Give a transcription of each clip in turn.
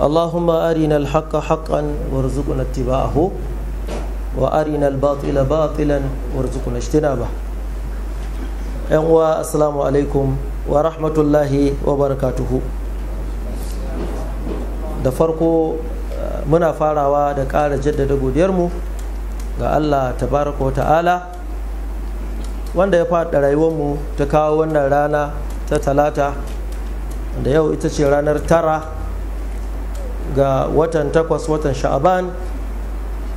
اللهم أرنا الحق حقا وارزقنا اتباعه وأرنا الباطل باطلا وارزقنا اجتنابه أنوا السلام عليكم ورحمة الله وبركاته da farko eh, muna farawa da ƙara jaddada godiyarmu ga Allah tabaraka wa ta'ala wanda ya rayuwar mu ta kawo wannan rana ta talata da yau ita ce ranar tara ga watan takwas watan sha'aban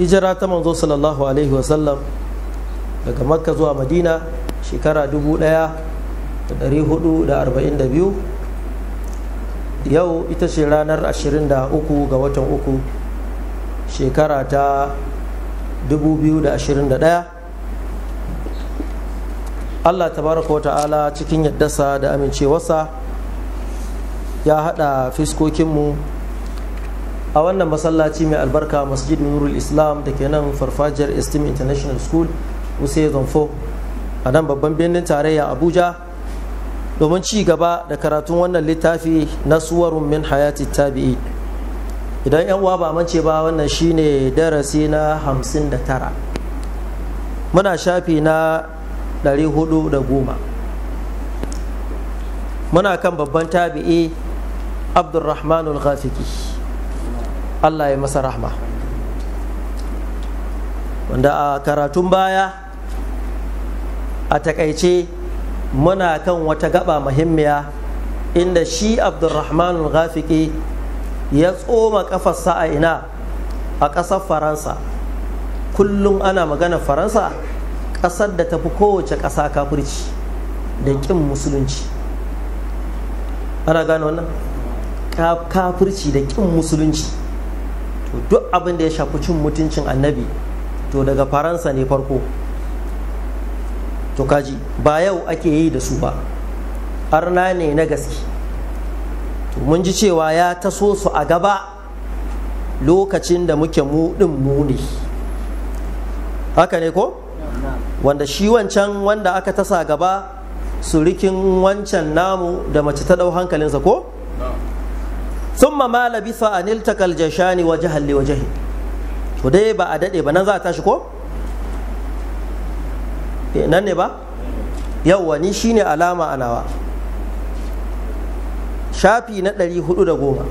hijira ta manzo sallallahu alaihi wasallam daga makka zuwa madina shekara 1442 yau ita ce ranar 23 ga watan uku shekara ta 2021 allah tabaraka wa ta'ala cikin yaddasa da amincewarsa ya haɗa fiskokinmu a wannan masallaci mai albarka masjid nurul islam da ke nan farfajiyar esteem international school usai zonfo a nan babban birnin tarayya abuja domin ci gaba da karatun wannan littafi na suwarun min hayati tabi'i idan yan uwa ba mance ba wannan shine darasi na 59 muna shafi na 410 muna kan babban tabi'i abdurrahmanul ghafiki Allah ya masa rahma wanda a karatun baya a takaice muna kan wata gaba muhimmiya inda shi abdulrahman ghafiki ya tsoma kafarsa a ina a ƙasar faransa kullum ana magana faransa ƙasar da tafi kowace ƙasa kafirci da ƙin musulunci ana gano wannan kafirci da ƙin musulunci duk abin da ya shafi cin mutuncin annabi to daga faransa ne farko to kaji ba yau ake yi da su ba arna ne na gaske to mun ji cewa ya taso su a gaba lokacin da muke mu din mu ne haka ne ko wanda shi wancan wanda aka tasa gaba surikin wancan namu da mace ta ɗau hankalinsa ko thumma ma labisa an iltakal jashani wajhan li wajhi to dai ba a dade ba nan za a tashi ko eh, nan ne ba yawwa ni shine alama a nawa shafi na ɗari da goma.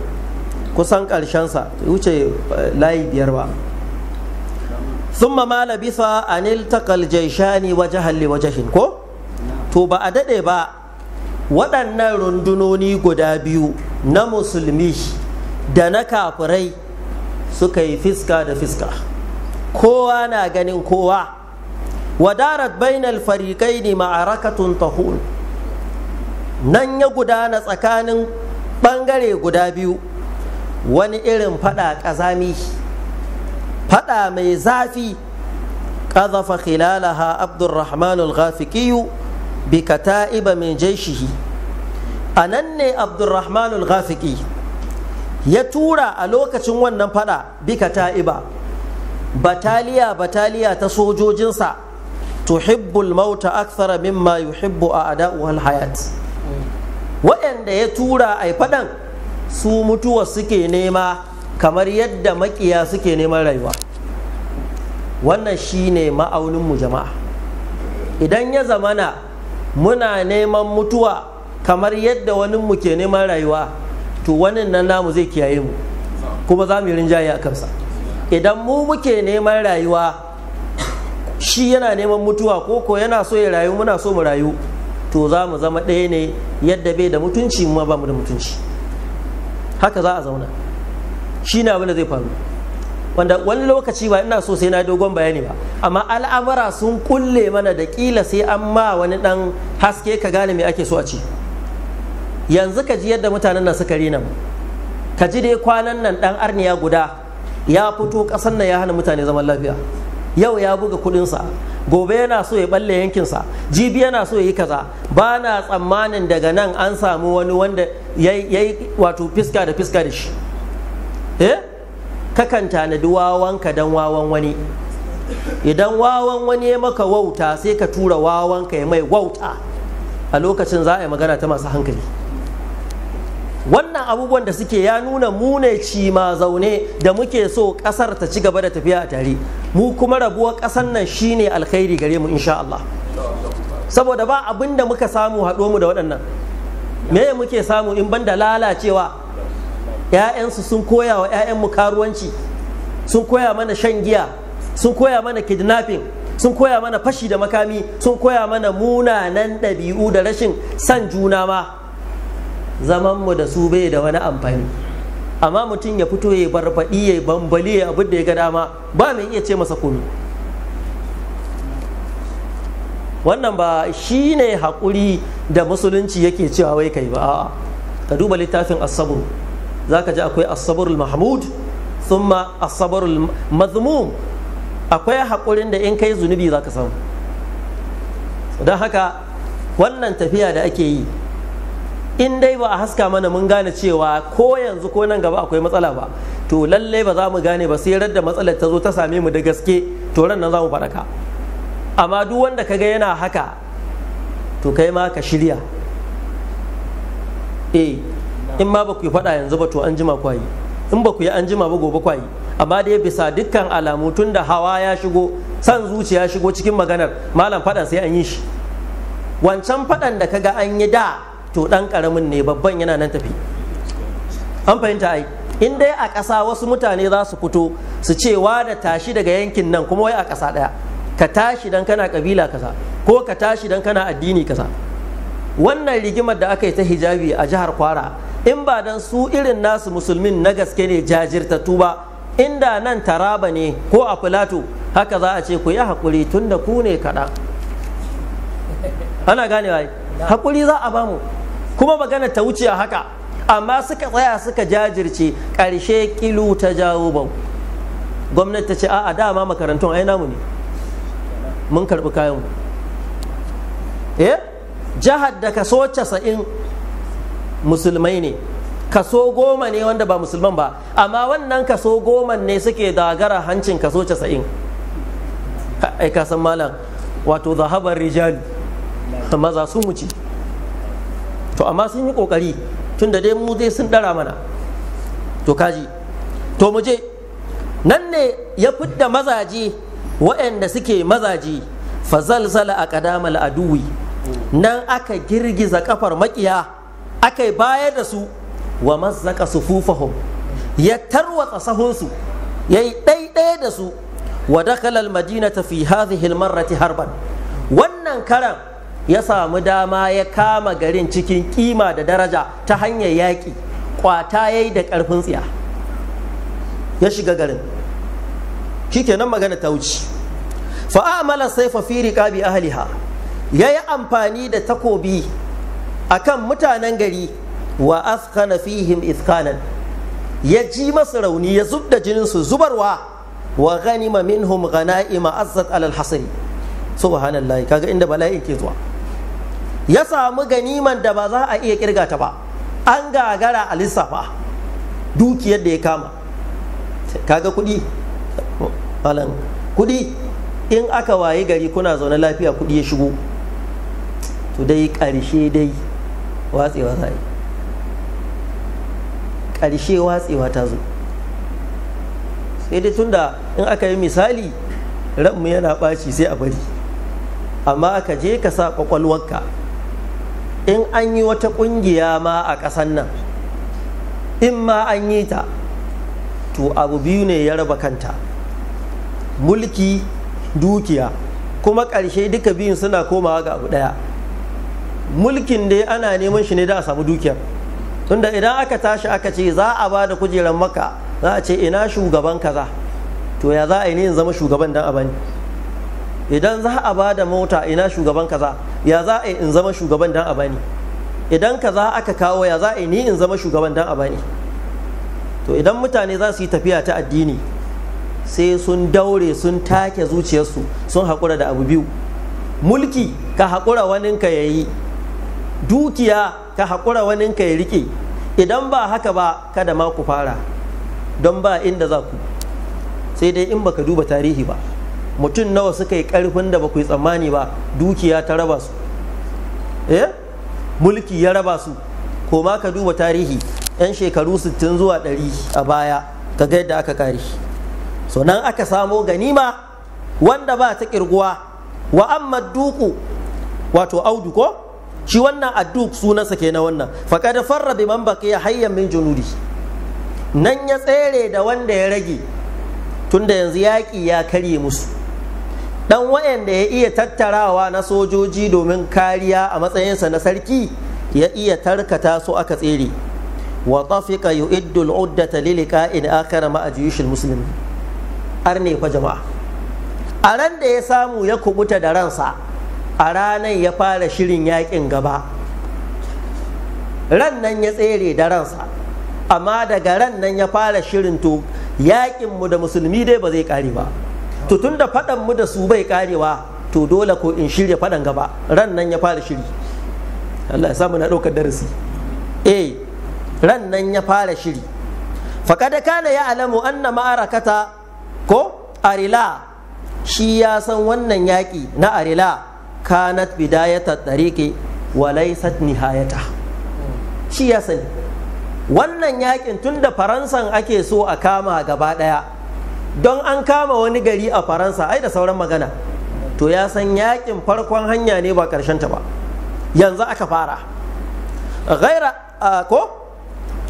kusan ƙarshensa wuce eh, layi biyar ba thumma ma labisa an iltakal jashani wajhan waje wajhin ko to ba a dade ba waɗannan rundunoni guda biyu na musulmi da na kafirai suka yi fiska da fiska kowa na ganin kowa wadarat bainal farikai ne ma'arakatun tahun nan ya gudana tsakanin ɓangare guda biyu wani irin fada ƙazami fada mai zafi ƙazafa khilalaha abdurrahmanul ghafiqiyu bi kata'iba min jaishihi a nan ne abdurrahman ghafiqi ya tura a lokacin wannan fada bika ta'iba bataliya bataliya ta sojojinsa tuhibbul mauta akthara mimma yuhibbu a ada'u hayat waɗanda ya tura a fadan su mutuwa suke nema kamar yadda makiya suke neman rayuwa wannan shine ma'aunin mu jama'a idan ya zamana muna neman mutuwa kamar yadda wani mu ke neman rayuwa to wani nan namu zai kiyaye mu kuma za mu yi rinjaye a kansa idan mu muke neman rayuwa shi yana neman mutuwa ko ko yana so ya rayu muna so mu rayu to za mu zama ɗaya ne yadda bai da mutunci mu ba mu da mutunci haka za a zauna shi ne abin da zai faru wanda wani lokaci ba ina so sai na dogon bayani ba amma al'amura sun kulle mana da kila sai an ma wani dan haske ka gane me ake so a ci yanzu ka ji yadda mutanen nan suka rina ka ji dai kwanan nan dan arniya guda ya fito kasan nan ya hana mutane zaman lafiya yau ya buga sa gobe yana so ya balle yankinsa jibi yana so ya yi kaza ba na tsammanin daga nan an samu wani wanda ya yi wato fiska da fiska da shi eh kakan tanadi wawanka don wawan wani idan wawan wani ya maka wauta sai ka tura wawanka ya mai wauta a lokacin za a yi magana ta masu hankali wannan abubuwan da suke ya nuna mu ne ci ma zaune da muke so kasar ta ci gaba da tafiya a tare mu kuma rabuwar kasar nan shine alkhairi gare mu insha Allah saboda ba abin da muka samu haɗo mu da waɗannan me muke samu in banda lalacewa ‘ya'yansu sun koya wa mu karuwanci sun koya mana shan giya sun koya mana kidnapping sun koya mana fashi da makami sun koya mana munanan ɗabi'u da rashin san juna ma zaman mu da su bai da wani amfani amma mutum ya fito ya barbaɗi ya bambali ya abin da ya ga dama ba mai iya ce masa komi wannan ba shi ne haƙuri da musulunci yake cewa wai kai ba a'a ka duba littafin asabur za ka ji akwai asaburul mahmud thumma asabarul mazmum akwai haƙurin da in kai zunubi za ka samu don haka wannan tafiya da ake yi in dai ba a haska mana mun gane cewa ko yanzu ko nan gaba akwai matsala ba to lallai ba za mu gane ba sai radda matsalar ta zo ta same mu da gaske to ran nan za mu faraka amma duk wanda kaga yana haka to kai ma ka shirya eh in ma ba ku faɗa yanzu ba to an jima kwayi in ba ku yi an jima ba gobe kwayi amma dai bisa dukkan alamu tun da hawa ya shigo san zuciya shigo cikin maganar malam faɗan sai an yi shi wancan faɗan da kaga an yi da to dan karamin ne babban yana nan tafi an fahimta ai in dai a ƙasa wasu mutane za su fito su ce wa da tashi daga yankin nan kuma wai a kasa ɗaya ka tashi dan kana ƙabila kaza ko ka tashi dan kana addini kasa. wannan rigimar da aka yi ta hijabi a jihar kwara in ba dan su irin nasu musulmin na gaske ne jajirtattu ba inda nan taraba ne ko a filato haka za a ce ku yi haƙuri tun da ku ne kaɗan ana ganewa haƙuri za a bamu kuma magana ta wuce haka amma suka tsaya suka jajirce ƙarshe kilu ta jawo ba. gwamnati ta ce a'a dama makarantun aina mu ne mun karɓi kayanmu eh jihar da kaso casa'in musulmai ne kaso goma ne wanda ba musulman ba amma wannan kaso goma ne suke dagara hancin kaso casa'in ai ka san malam wato zahabar rijali maza sun wuce to amma sun yi kokari tun da dai mu dai sun dara mana to kaji to mu je nan ne ya fidda mazaje waɗanda suke mazaje fazalzala a kadamal aduwi nan aka girgiza kafar makiya aka yi bayar da su wa mazzaka sufufahum ya tarwatsa sahunsu ya yi ɗaiɗaya da su wa dakala madina fi hadhihi al-marrati harban wannan karan ya samu dama ya kama garin cikin kima da daraja ta hanyar yaƙi kwata ya yi da ƙarfin tsiya ya shiga garin nan magana ta wuce fa'amala sai fi riqabi ahliha ya yi amfani da takobi a kan mutanen gari wa askana fihim iskanan ya ji masu rauni ya zub da jininsu zubarwa wa ganima minhum ghana'ima azzat alal hasari subhanallah kaga inda bala'in ke zuwa ya samu ganiman da ba za a iya kirga ta ba an gagara a lissafa dukiyar da ya kama kaga kuɗi malam kuɗi in aka waye gari kuna zaune lafiya kuɗi ya shigo to dai karshe dai watsewa za yi karshe watsewa ta zo sai dai tunda in aka yi misali ranmu yana ɓaci sai a bari amma ka je ka sa ƙwaƙwalwarka in an yi wata ƙungiya ma a kasan nan in ma an yi ta to abu biyu ne ya raba kanta mulki dukiya kuma karshe duka biyun suna komawa ga abu ɗaya mulkin dai ana neman shi ne da a samu dukiyar tunda idan aka tashi aka ce za a ba da kujerar maka za a ce ina shugaban kaza to ya za a yi ne zama shugaban dan abani idan za a ba da mota ina shugaban kaza ya za a yi in zama shugaban dan a idan ka za aka kawo ya za a yi ni in zama shugaban dan a to idan mutane za su yi tafiya ta addini sai sun daure sun take zuciyarsu sun haƙura da abu biyu mulki ka haƙura ka ya yi dukiya ka haƙura wani ka ya riƙe idan ba haka ba kada ma ku fara don ba inda za ku sai dai in baka duba tarihi ba mutum nawa suka yi karfin da ba ku yi tsammani ba dukiya ta raba su eh mulki ya raba su ko ma ka duba tarihi yan shekaru 60 zuwa 100 a baya ka ga yadda aka kare so nan aka samo ganima wanda ba ta kirguwa wa amma duku wato audu ko shi wannan aduk sunansa ke na wannan da farra bi man baki hayyan min junudi nan ya tsere da wanda ya rage tunda yanzu yaƙi ya karye musu dan wayanda ya iya tattarawa na sojoji domin kariya a matsayinsa na sarki ya iya tarkata su aka tsere wa tafika yu'iddu al-uddata li liqa'in akhar ma'a al muslimin arne fa jama'a a ran da ya samu ya kubuta da ransa a ranar ya fara shirin yakin gaba ran nan ya tsere da ransa amma daga ran nan ya fara shirin to yakinmu da musulmi dai ba zai kare ba to tun da faɗan mu da su bai karewa to dole ko in shirya faɗan gaba ran nan ya fara shiri Allah ya samu na ɗaukar darasi eh ran nan ya fara shiri kada kana ya alamu anna ma'arakata ko arila shi ya san wannan yaƙi na arila kanat bidayata tsarike walaisat nihayata shi ya sani wannan yakin tun da faransan ake so a kama gaba ɗaya don an kama wani gari a faransa ai da sauran magana to ya san yakin farkon hanya ne ba karshen ta ba yanzu aka fara ghaira ko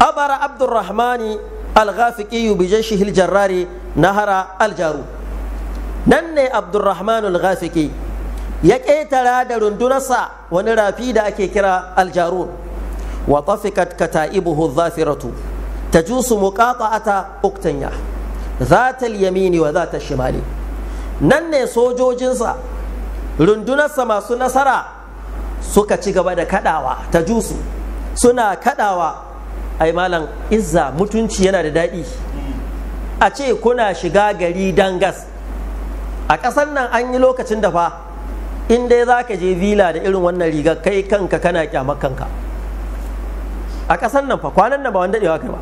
abara abdurrahmani al-ghafiqi bi jayshihi al-jarrari nahara al-jaru nan ne abdurrahman al-ghafiqi ya ƙetara da rundunarsa wani rafi da ake kira al-jarun wa tafikat kata'ibuhu dhafiratu tajusu ata uktanya zata yamini wa zatal shimali nan ne sojojinsa rundunarsa masu nasara suka ci gaba da kadawa ta jusu suna kadawa ai malam izza mutunci yana da daɗi a ce kuna shiga gari dangas a ƙasar nan an yi lokacin da fa in za ka je vila da irin wannan riga kai kanka kana kyamar a ƙasar nan fa kwanan nan ba wanda daɗewa kai ba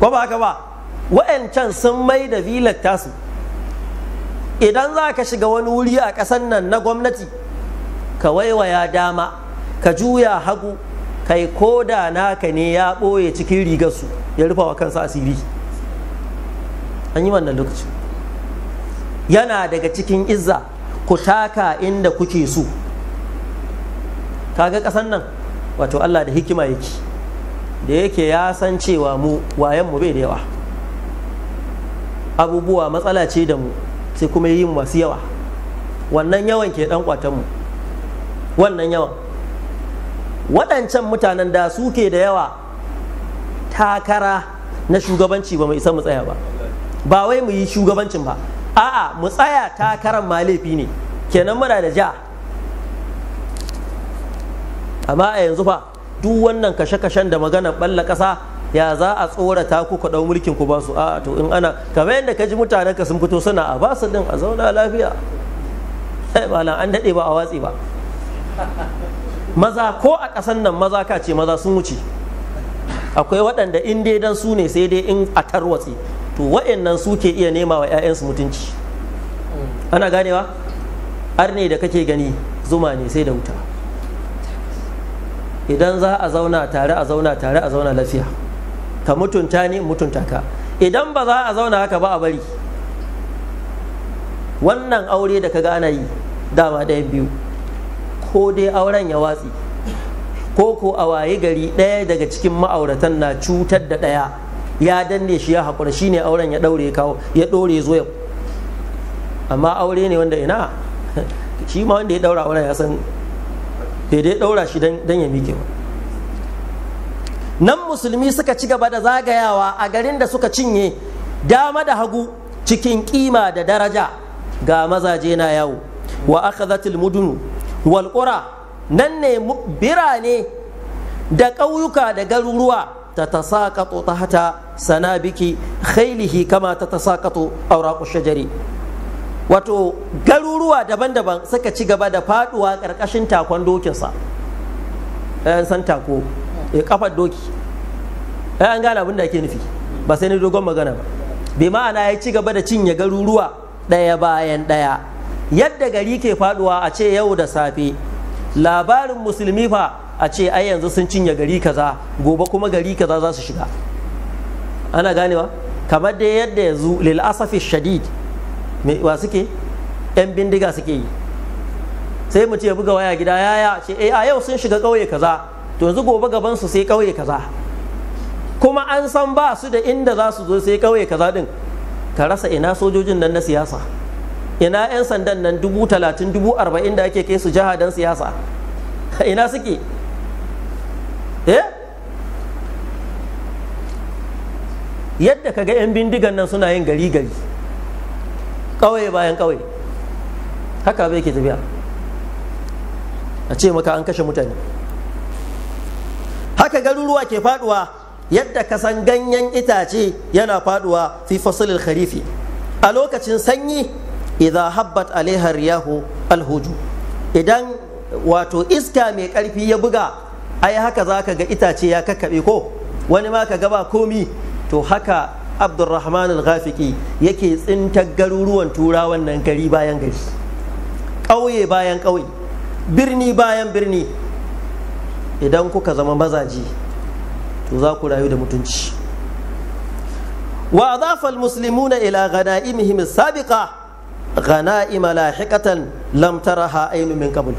ko ba haka ba wa'ancan sun mai da vilar tasu idan za ka shiga wani wuri a ƙasar nan na gwamnati ka waiwaya dama ka juya hagu kai ko da naka ne ya ɓoye cikin rigarsu ya rufa wa kansa asiri an yi wannan lokaci yana daga cikin izza ku taka inda kuke so kaga ƙasan nan wato Allah da hikima yake da yake ya san cewa mu wayan mu bai da yawa abubuwa matsala ce da mu sai kuma yi masu yawa wannan yawan ke dan kwatan mu wannan yawan waɗancan mutanen da suke da yawa takara na shugabanci ba mu isa mu tsaya ba ba wai mu yi shugabancin ba a'a mu tsaya takarar ma ne kenan muna da ja amma a yanzu fa duk wannan kashe-kashen da maganar balla ƙasa ya za a tsorata ku ku dau mulkin ku ba su a to in ana kamar yadda ka ji mutanen ka sun fito suna a ba su din a zauna lafiya sai eh, malam an dade ba a watsi ba maza ko a ƙasan nan maza ka ce maza sun wuce akwai waɗanda in dai dan su ne sai dai in a tarwatse to waɗannan su ke iya nema wa 'ya'yansu mutunci ana Har ne da kake gani zuma ne sai da wuta idan za a zauna tare a zauna tare a zauna lafiya ka mutunta ni mutunta ka idan ba za a zauna haka ba a bari wannan aure da kaga ana yi dama ɗaya biyu ko dai auren ya watsi ko ko a waye gari ɗaya daga cikin ma'auratan na cutar da ɗaya ya danne shi ya haƙura shi ne auren ya ɗaure kawo ya ɗore zo ya amma aure ne wanda ina shi ma wanda ya ɗaura auren ya san bai dai ɗaura shi don ya miƙe ba nan musulmi suka ci gaba da zagayawa a garin da suka cinye dama da hagu cikin kima da daraja ga mazaje na yawo wa akhadhatil mudunu wal nan ne birane da ƙauyuka da garuruwa ta tasaqatu tahta sanabiki khailihi kama ta awraqu shajari wato garuruwa daban-daban suka ci gaba da faduwa ƙarƙashin takon dokinsa san tako ya kafar doki ai an gane abin da ake nufi ba sai ni dogon magana ba bi ma'ana ya ci gaba da cinye garuruwa ɗaya bayan ɗaya yadda gari ke faduwa a ce yau da safe labarin musulmi fa a ce ai yanzu sun cinye gari kaza gobe kuma gari kaza za su shiga ana ganewa kamar dai yadda yanzu lil asafi shadid wa suke yan bindiga suke yi sai mu ce buga waya gida yaya ce eh a yau sun shiga ƙauye kaza to yanzu gobe gaban su sai kawai kaza kuma an san ba su da inda za su zo sai kawai kaza din ka rasa ina sojojin nan na siyasa ina 'yan sandan nan dubu talatin dubu arba'in da ake kai su jiha don siyasa ina suke eh? Yadda ka ga 'yan bindigan nan suna yin gari gari ƙauye bayan ƙauye haka bai ke tafiya a ce maka an kashe mutane haka garuruwa ke faduwa yadda kasan ganyen itace yana faduwa fi fasilil kharifi a lokacin sanyi idan habbat alaiha riyahu alhuju idan wato iska mai karfi ya buga ai haka za ka ga itace ya kakkaɓe ko wani ma ka ga ba komi to haka abdurrahman al yake tsinta garuruwan turawan nan gari bayan gari ƙauye bayan ƙauye birni bayan birni idan kuka zama mazaji to za ku rayu da mutunci wa adafa almuslimuna ila ghanaimihim sabiqa ghanaim lahiqatan lam taraha aynu min qabl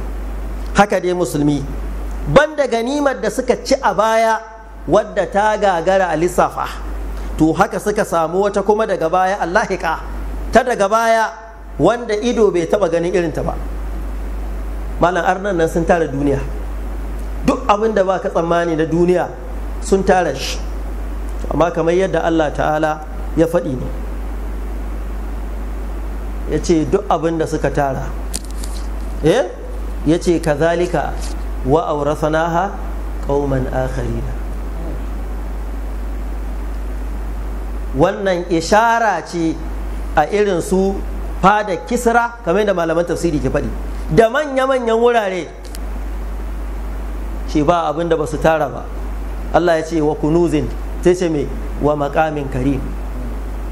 haka dai musulmi banda ganimar da suka ci a baya wadda ta gagara a lissafa to haka suka samu wata kuma daga baya allahika ta daga baya wanda ido bai taba ganin irinta ba malam arnan nan sun tara duniya duk abin da baka tsammani na duniya sun tara shi amma kamar yadda Allah ta'ala ya faɗi ne ya ce duk abin da suka tara eh? ya ce kazalika wa ha qauman akharina wannan ishara ce a irin su fada kisra kamar da malaman tafsiri ke faɗi da manya-manyan wurare shi ba abin da ba su tara ba Allah ya ce wa kunuzin sai ce mai wa makamin karim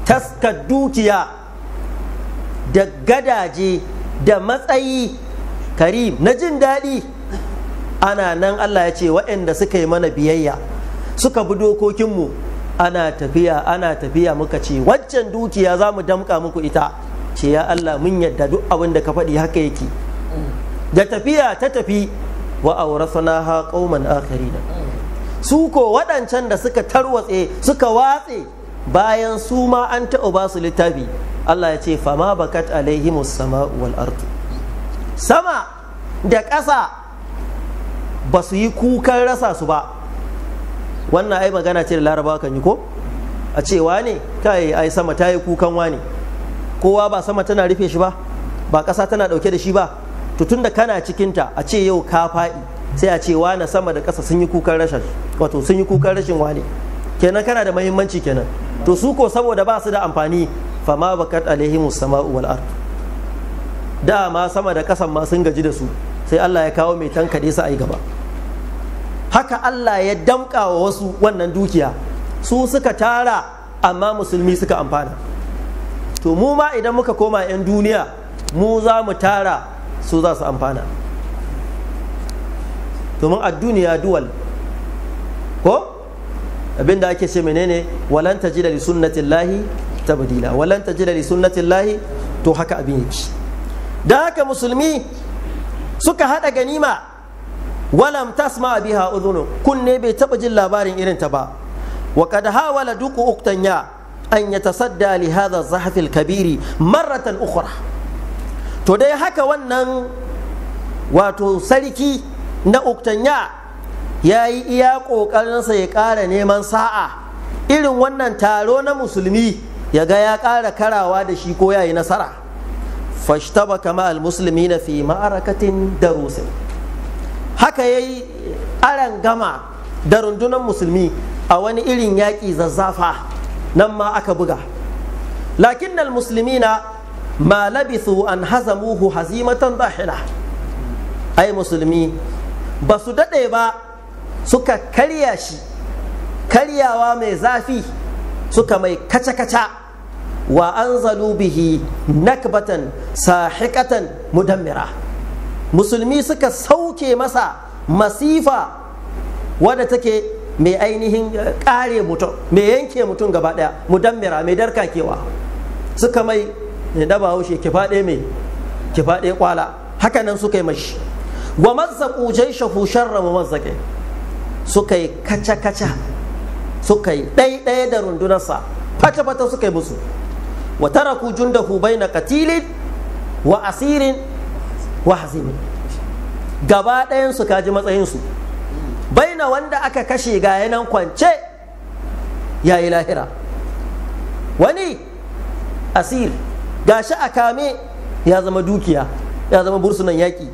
taskar dukiya da gadaje da matsayi karim na jin daɗi ana nan Allah ya ce waɗanda suka yi mana biyayya suka bi dokokinmu ana tafiya ana tafiya muka ce waccan dukiya za mu damƙa muku ita ce ya Allah mun yadda duk abin da ka faɗi haka yake da tafiya ta tafi wa ha kauman akharina su ko waɗancan da suka tarwatse suka watse bayan su ma an taɓa ba su littafi Allah ya ce fama bakat alaihimus sama wal ardu sama da ƙasa ba su yi kukan rasa su ba wannan ai magana ce da laraba kan yi ko a ce wane kai ai sama ta yi kukan wane kowa ba sama tana rufe shi ba ba ƙasa tana ɗauke da shi ba to da kana cikinta a ce yau ka faɗi sai a ce wane sama da ƙasa sun yi kukan rashin wato sun yi kukan rashin wane kenan kana da mahimmanci kenan to su ko saboda ba su da amfani Fa ma bakat alaihimus sama'u wal ard da ma sama da ƙasan ma sun gaji da su sai Allah ya kawo mai tankade su a yi gaba haka Allah ya damƙa wa wasu wannan dukiya su suka tara amma musulmi suka amfana to mu ma idan muka koma 'yan duniya mu za mu tara su za su amfana domin a duniya duwal ko abinda ake ce menene walan tajida li sunnatillahi tabdila walan tajida sunnatin lahi to haka abin yake da haka musulmi suka haɗa ganima walam tasma biha udhunu kunne bai taɓa jin labarin irin ta ba wa qad hawala duku uktanya an yatasadda li hadha zahfil kabiri marratan ukhra to dai haka wannan wato sarki na uktanya ya yi iya ƙoƙarinsa ya ƙara neman sa'a irin wannan taro na musulmi ya ga ya ƙara karawa da shi ko ya yi nasara fashtaba kama almusulmi na fi ma'arakatin darusin haka ya yi aran gama da rundunar musulmi a wani irin yaƙi zazzafa nan ma aka buga lakin musulmi na ma labithu an hazamuhu hazimatan dahila ai musulmi ba su daɗe ba suka karya shi karyawa mai zafi suka mai kaca-kaca wa an bihi nakbatan sahiƙatan mudammira musulmi suka sauke masa masifa wadda take mai ainihin ƙare mutum mai yanke mutum gaba ɗaya mudammira mai darkakewa suka mai ne da ba haushe ki faɗe mai ki faɗe kwala haka nan suka yi mashi wa mazzaku jaishahu sharra wa mazzaqi suka yi kaca kaca suka yi ɗaiɗaya da rundunarsa fata fata suka yi musu wa taraku jundahu baina qatilin wa asirin wa hazimin gaba ɗayan su kaji matsayin su baina wanda aka kashe ga yanan kwance yayi lahira wani asir gashi a kame ya zama dukiya ya zama bursunan yaƙi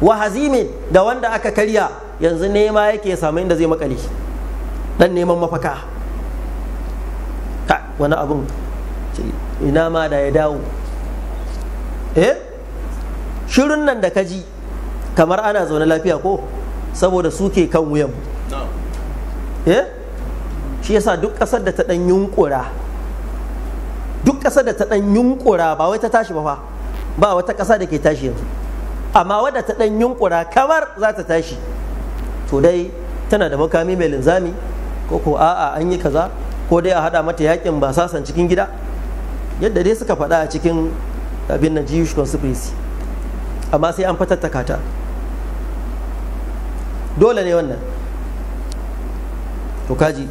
wa hazime da wanda aka karya yanzu nema yake samu inda zai makale dan neman mafaka wani abun ina ma da ya dawo eh shirin nan da kaji kamar ana zaune lafiya ko saboda suke kan wuyan eh shi yasa duk ƙasar da ta ɗan yunkura duk ƙasa da ta ɗan yunkura ba wai ta tashi ba fa ba wata ƙasa da ke tashi yanzu amma wadda ta ɗan yunkura kamar za ta tashi to dai tana da makami mai linzami ko ko a'a an yi kaza ko dai a haɗa mata yakin ba sasan cikin gida yadda dai suka faɗa a cikin abin na jiyush conspiracy amma sai an fatar ta dole ne wannan to kaji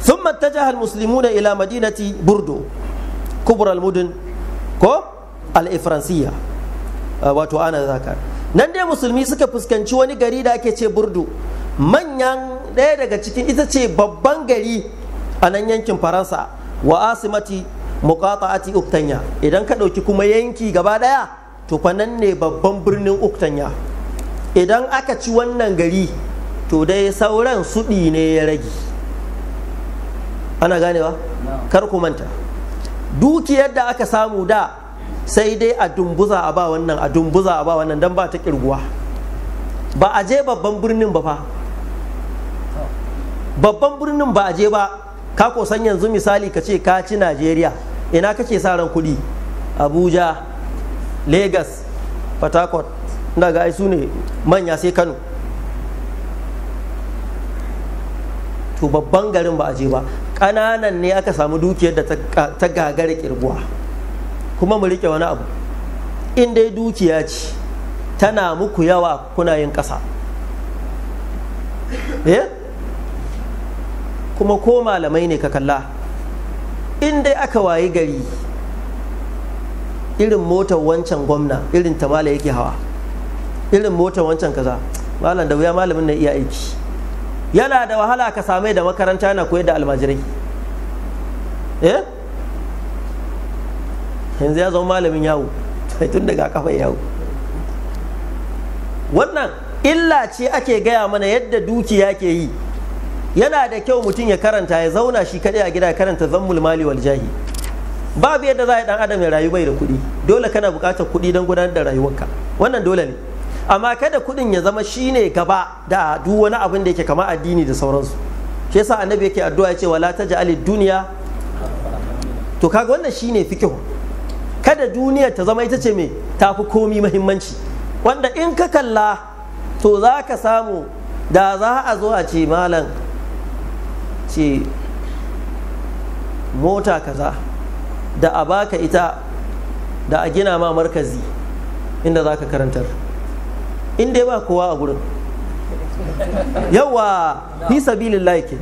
ثم اتجه المسلمون الى مدينه بوردو كبرى المدن كو الافرنسيه wato ana zaka nan dai musulmi suka fuskanci wani gari da ake ce burdu manyan daya daga cikin ita ce babban gari a nan yankin faransa wa asimati muqata'ati uktanya idan ka ɗauki kuma yanki gaba ɗaya to fa ne babban birnin uktanya idan aka ci wannan gari to dai sauran suɗi ne ya rage ana ganewa kar ku manta dukiyar da aka samu da sai dai a dumbuza a ba wannan a dumbuza a ba wannan don ba ta kirguwa ba a je babban birnin ba fa babban birnin ba a je ba ka san yanzu misali ka ce ka ci najeriya ina kake sa ran kuɗi abuja lagos port ina ga ai su manya sai kano to babban garin ba a je ba ƙananan ne aka samu dukiyar da ta gagara kirguwa kuma mu rike wani abu in dai dukiya ce tana muku yawa kuna yin ƙasa eh? kuma ko malamai ne ka kalla in dai aka wayi gari irin motar wancan gwamna irin ta yake hawa irin motar wancan kaza malam da wuya malamin na iya aiki yana da wahala ka same da makaranta yana koyar da almajirai eh yanzu ya zama malamin yawo tun daga kafa yawo wannan illa ce ake gaya mana yadda dukiya ke yi yana da kyau mutum ya karanta ya zauna shi kaɗai a gida karanta zammul mali wal jahi babu yadda za a yi dan adam ya rayu bai da kuɗi dole kana buƙatar kuɗi don gudanar da rayuwarka wannan dole ne amma kada kuɗin ya zama shine gaba da duk wani abin da yake kama addini da sauransu shi yasa annabi yake addu'a ya ce wala taj'al duniya to kaga wannan shine fikihu kada duniya ta zama ita ce me tafi komi muhimmanci wanda in ka kalla to za ka samu da za a zo a ce malam ce mota kaza da a baka ita da a gina ma markazi inda za ka karantar in dai ba kowa a gurin yawa fi sabilillahi ke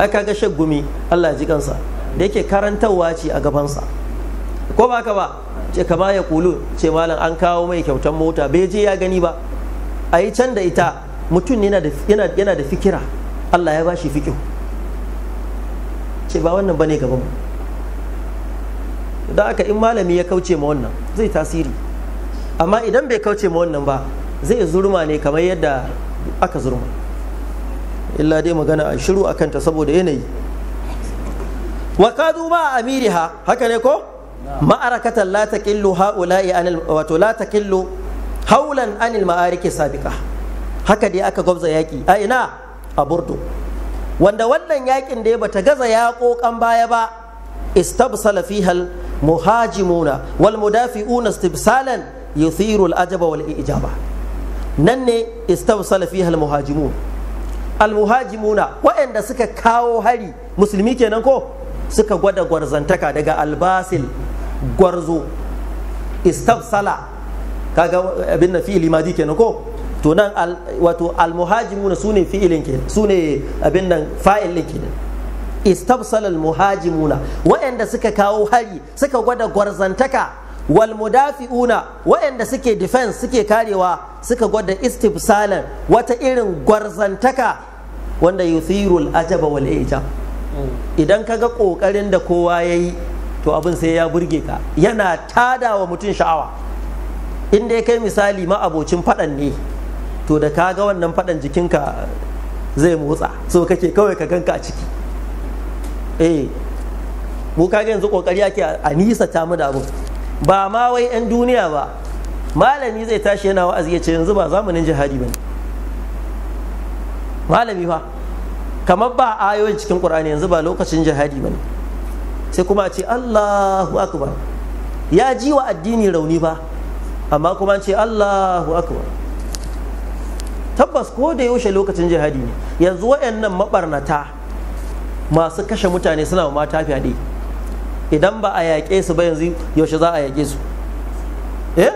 ai kaga shaggumi Allah ji kansa da yake karantarwa ce a gabansa ko ba ka ba ce kama ya kulu ce malam an kawo mai kyautar mota bai je ya gani ba a yi can da ita mutum yana da fikira Allah ya ba shi fikin ce ba wannan ba ne gabanmu da aka in malami ya kauce ma wannan zai tasiri amma idan bai kauce ma wannan ba zai zurma ne kamar yadda aka zurma illa dai magana a shiru a kanta saboda yanayi wa kadu ma amiriha haka ne ko ma'arakatan la taqillu haula'i anil wato la taqillu haulan anil ma'ariki sabiqa haka dai aka gwabza yaki a ina a burdu wanda wannan yakin da ya bata gaza ya kokan baya ba istabsala fihal muhajimuna wal mudafi'una istibsalan يثير الأجب ajaba نن ijaba nan ne المهاجمون وإن al-muhajimun al مسلمي waɗanda suka kawo hari musulmi kenan ko suka gwada daga gwarzo kaga abin na fi'ili madi kenan ko to nan wato almuhajimuna sune fi'ilin kenan sune abin nan fa'ilin kenan istafsala almuhajimuna waɗanda suka kawo hari suka gwada gwarzantaka wal mudafi'una waɗanda suke defense suke karewa suka gwada istifsalan wata irin gwarzantaka wanda yuthirul ajaba wal ijab idan kaga kokarin da kowa yayi to abin sai ya burge ka yana tada wa mutum sha'awa in dai kai misali ma abocin faɗan ne to da kaga wannan faɗan jikinka zai motsa so kake kawai ka ganka a ciki eh mu kaga yanzu kokari ake a nisa ta mu da abin ba ma wai 'yan duniya ba malami zai tashi yana wa'azi ya ce yanzu ba zamanin jihadi ba ne malami fa kamar ba ayoyin cikin ƙur'ani yanzu ba lokacin jihadi ba ne sai kuma a ce allahu akbar ya ji wa addini rauni ba amma kuma ce allahu akbar tabbas ko da yaushe lokacin jihadi ne yanzu nan mabarnata masu kashe mutane suna mata fyaɗe idan ba a yaƙe su ba yanzu yaushe za a yaƙe su eh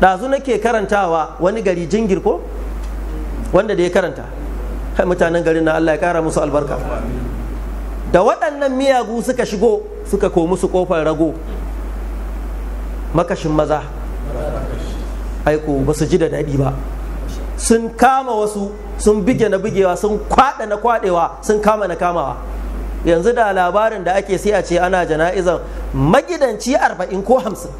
ɗazu nake karantawa wani gari jingir ko wanda da ya karanta kai mutanen garin na Allah ya kara musu albarka da waɗannan miyagu suka shigo suka komu su kofar rago makashin maza aiko ba su ji da daɗi ba sun kama wasu sun bige na bigewa sun kwaɗa na kwaɗewa sun kama na kamawa yanzu da labarin da ake sai a ce ana jana'izar magidanci arba'in ko hamsin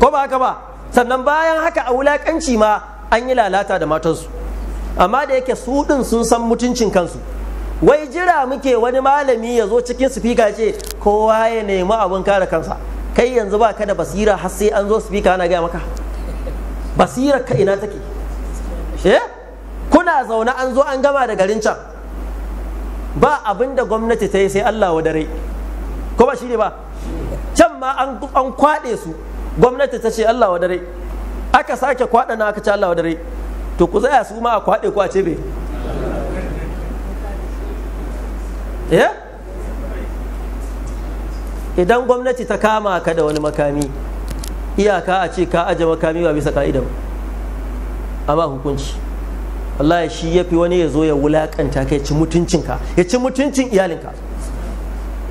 ko ba haka ba sannan bayan haka a wulakanci ma an yi lalata da matansu amma da yake su ɗin sun san mutuncin kansu wai jira muke wani malami ya zo cikin sifika ce kowa ya nemi abin kare kansa kai yanzu ba ka da basira har sai an zo sifika ana gaya maka basirar ka ina take eh? kuna zaune an zo an gama da garin can ba abin da gwamnati ta yi sai Allah wa dare ko ba shi ne ba can ma an kwaɗe su gwamnati ta ce Allah wa dare aka sake kwaɗa na aka ce Allah wa dare to ku zaya su ma a kwaɗe ku a ce bai eh? idan gwamnati ta kama ka da wani makami iyaka a ce ka aje makami ba bisa ka'ida ba amma hukunci wallahi shi ya fi wani ya zo ya wulakanta ka ya ci mutuncinka ya ci mutuncin iyalinka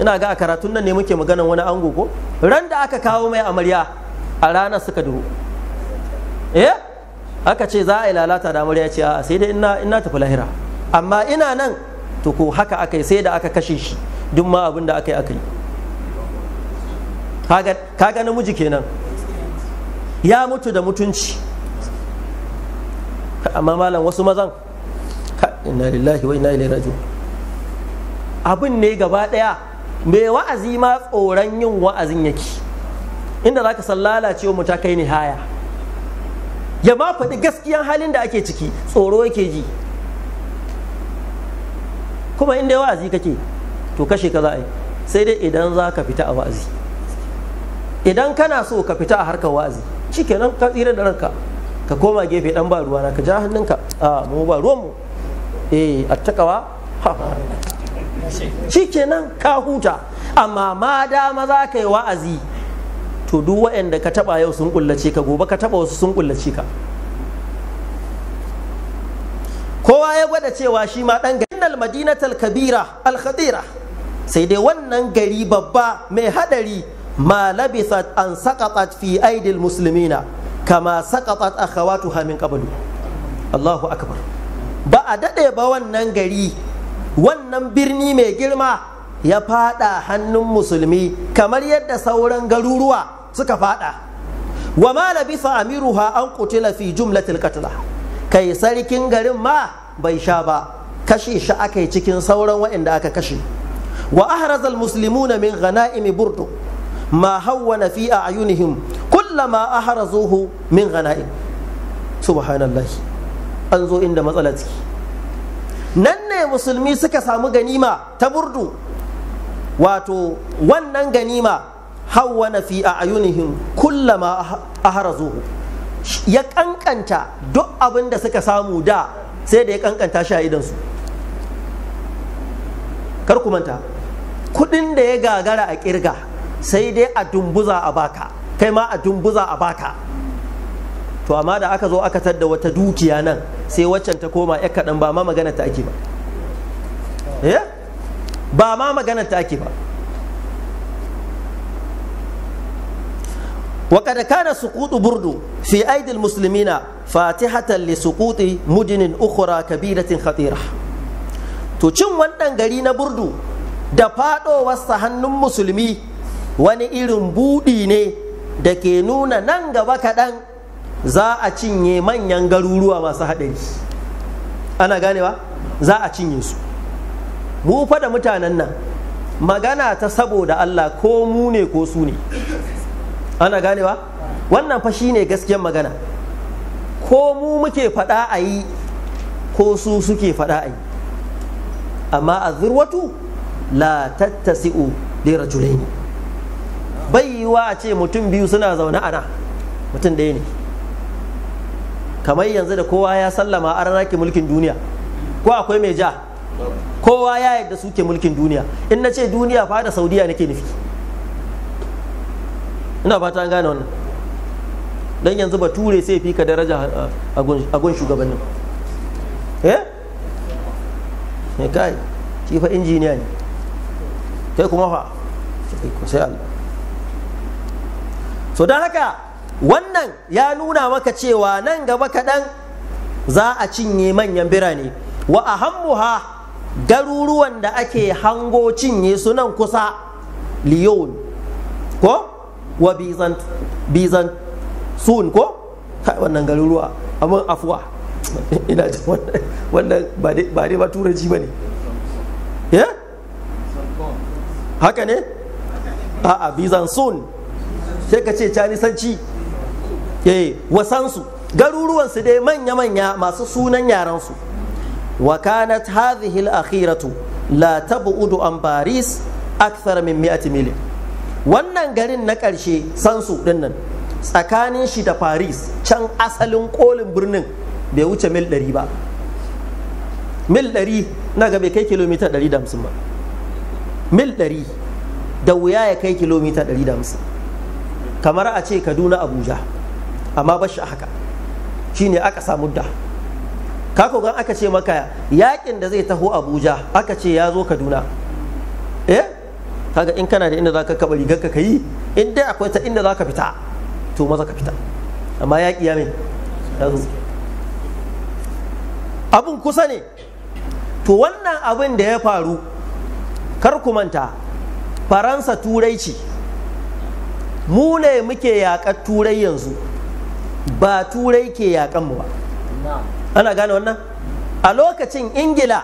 ina ga a karatun nan ne muke maganan wani ango ko ran da aka kawo mai amarya a ranar suka duhu eh aka ce za a yi lalata da amarya ce a sai dai ina ina tafi lahira amma ina nan to ko haka aka yi sai da aka kashe shi duk ma abin da aka yi aka yi kaga namiji kenan ya mutu da mutunci amma malam wasu mazan inna lillahi wa inna ilaihi raji'un abin ne gaba daya mai wa'azi ma tsoron yin wa'azin yake inda zaka sallala cewa mu ta kai ni haya ya ma faɗi gaskiyan halin da ake ciki tsoro yake ji kuma inda ya wa'azi kake to kashe ka za a yi sai dai idan za ka fita a wa'azi idan kana so ka fita a harkar wa'azi kenan ka tsira da ranka ka koma gefe dan ba ruwa na ka ja hannunka a mu ba ruwan mu eh attaqawa shikenan ka huta amma ma da maza ka wa'azi to duk wa'anda ka taba yau sun kullace ka gobe ka taba wasu sun kullace ka kowa ya gwada cewa shi ma dan garin madinatul kabira al-khadira sai dai wannan gari babba mai hadari ma labisat an saqatat fi aidil muslimina kama saqatat akhawatuha min qablu Allahu akbar ba a dade ba wannan gari wannan birni mai girma ya fada hannun musulmi kamar yadda sauran garuruwa suka fada wa ma labisa amiruha an qutila fi jumlatil qatla kai sarkin garin ma bai sha ba kashe shi aka yi cikin sauran waɗanda aka kashe wa ahrazal muslimuna min ghanaimi burdu ma hawwana fi a'yunihim kullama aharazuhu min ghana'im subhanallahi an zo inda matsala ciki nan ne musulmi suka samu ganima ta burdu wato wannan ganima hawwana fi a ayunihim kullama ah-, ahrazuhu ya kankanta duk abin da suka samu da sai da ya kankanta shi a idansu kar ku manta kudin da ya gagara a kirga sai dai a dumbuza a baka kai ma a dumbuza a baka to amma da aka zo aka tadda wata dukiya nan sai waccan ta koma ya kaɗan ba ma maganar ta ake ba eh? ba ma maganar ta ake ba وقد كان سقوط برد في أيدي المسلمين فاتحة لسقوط مدن أخرى كبيرة خطيرة تشم وانتن غرينا برد دفاتو وسهن مسلمي wani irin buɗi ne da ke nuna nan gaba kaɗan za a cinye manyan garuruwa masu haɗari ana ganewa za a cinye su mu fa da mutanen nan magana ta saboda Allah ko mu ne ko su ne ana ganewa wannan fa shine gaskiyar magana ko mu muke faɗa a yi ko su suke faɗa a yi amma a zurwatu la tattasi'u lera bai yiwa a ce mutum biyu suna zaune ana mutum ɗaya ne kamar yanzu da kowa ya sallama a rana ke mulkin duniya ko akwai mai ja kowa ya yadda suke mulkin duniya in na ce duniya fa da saudiya nake nufi ina fata an gane wannan don yanzu bature sai fi ka daraja eh, a gun shugabannin eh, eh kai kifa injiniya ne kai kuma fa sai Allah so don haka wannan ya nuna maka cewa nan gaba kaɗan za a cinye manyan birane wa a ahammuha garuruwan da ake hango cinye su nan kusa lyon ko wa bizan sun ko wannan garuruwa amma afuwa ina ji wannan ba dai ba turanci ba ne eh? haka ne a bizan sun sai ka ce canisanci eh wasansu garuruwansu dai manya-manya masu sunan yaransu wa kanat hadhihi al-akhiratu la tabudu an Paris, akthar min 100 mil wannan garin na ƙarshe sansu dinnan tsakanin shi da paris can asalin kolin birnin bai wuce mil 100 ba mil 100 na ga bai kai kilomita 150 ba mil 100 da wuya ya kai kilomita 150 kamar a ce kaduna abuja amma ba shi haka shine aka samu da kako gan aka ce maka yakin da zai taho abuja aka ce ya zo kaduna eh kaga in kana da inda zaka kaba rigar ka yi in dai akwai ta inda zaka fita to maza ka fita amma yaƙi ya mai abin kusa ne to wannan abin da ya faru kar ku manta faransa turai ce mu ne muke yaƙar turai yanzu ba turai ke yaƙan mu ba ana gane wannan a lokacin ingila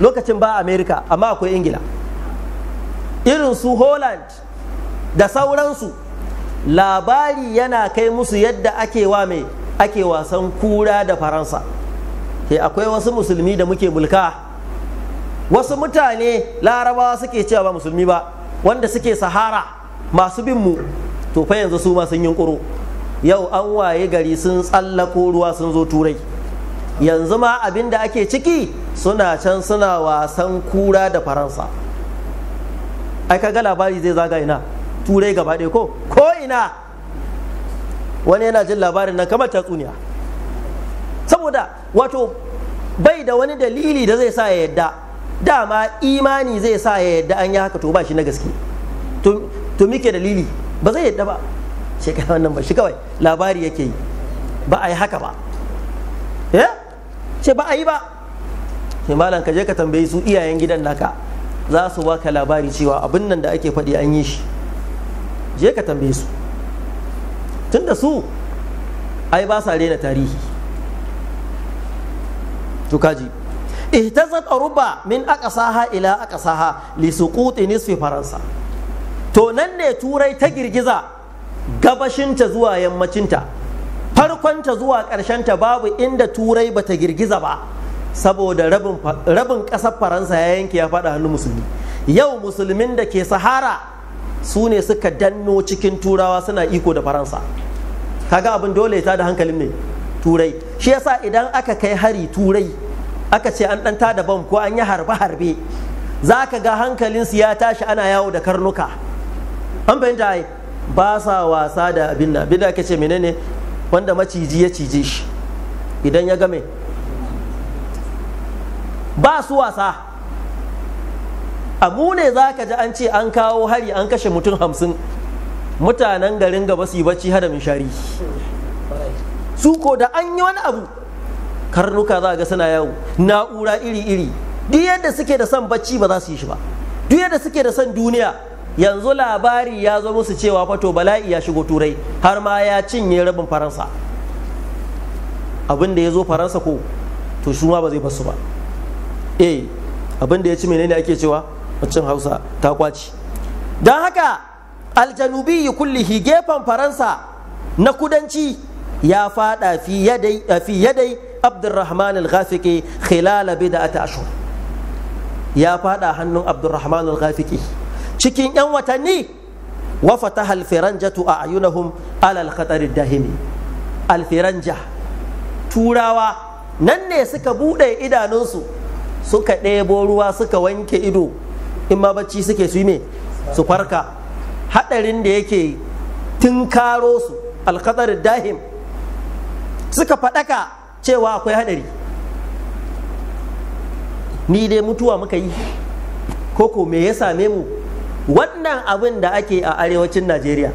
lokacin ba amerika amma akwai ingila irin su holland da sauransu labari yana kai musu yadda ake wa mai ake wasan kura da faransa ke akwai wasu musulmi da muke mulka wasu mutane larabawa suke cewa ba musulmi ba wanda suke sahara masu bin mu to fa yanzu su ma sun yunkuro yau an waye gari sun tsallako ruwa sun zo turai yanzu ma abin da ake ciki suna can suna wasan kura da faransa ai kaga labari zai zaga ina turai gaba ɗaya ko ko ina wani yana jin labarin nan kamar tatsuniya saboda wato bai da wani dalili da zai sa ya yadda dama imani zai sa ya yadda an yi haka to ba shi na gaske to muke dalili ba zai yadda ba shi kai wannan ba shi kawai labari yake yi ba a yi haka ba ya eh? ce ba a yi ba shi malam ka je ka tambayi su iyayen gidan naka za su baka labari cewa abin nan da ake faɗi an yi shi je ka tambayi su tun da su ai ba sa rena tarihi to kaji ihtazat aruba min aqsaha ila aqsaha li suquti nisfi faransa to nan ne turai ta girgiza gabashinta zuwa yammacinta farkonta zuwa ta babu inda turai bata girgiza ba saboda rabin ƙasar faransa ya yanke ya faɗa hannu musulmi yau musulmin da ke sahara su ne suka danno cikin turawa suna iko da faransa kaga abin dole ta da hankalin ne turai shi yasa idan aka kai hari turai aka ce an ɗanta da bam ko an yi harbe-harbe za ka ga hankalinsu ya tashi ana yawo da karnuka an fahimta ai ba sa wasa da abin nan abin da ake ce menene wanda maciji ya cije shi idan ya game ba su wasa a ne za ka ji an ce an kawo hari an kashe mutum hamsin mutanen garin gaba su yi bacci hada shari su ko da an yi wani abu karnuka za ga suna yawo na'ura iri-iri duk yadda suke da son bacci ba za su yi shi ba duk yadda suke da son duniya yanzu labari ya zo musu cewa fato bala'i ya shigo turai har ma ya cinye rabin faransa abin da ya zo faransa ko to shi ma ba zai fasu ba eh abin da ya ci menene ake cewa wacin hausa ta kwaci don haka aljanubi kullihi gefen faransa na kudanci ya fada fi yadai fi yadai abdurrahman al-ghafiqi khilala bid'ati ashhur ya fada hannun abdurrahman al-ghafiqi cikin 'yan watanni wa fataha tu a ayunahum alal khatarid dahimi alfiranja turawa nan ne suka buɗe idanunsu suka ɗebo ruwa suka wanke ido in ma bacci suke su me su farka haɗarin da yake tunkaro su alkhatarid dahim suka faɗaka cewa akwai haɗari ni dai mutuwa muka yi koko me ya same mu wannan abin da ake a arewacin najeriya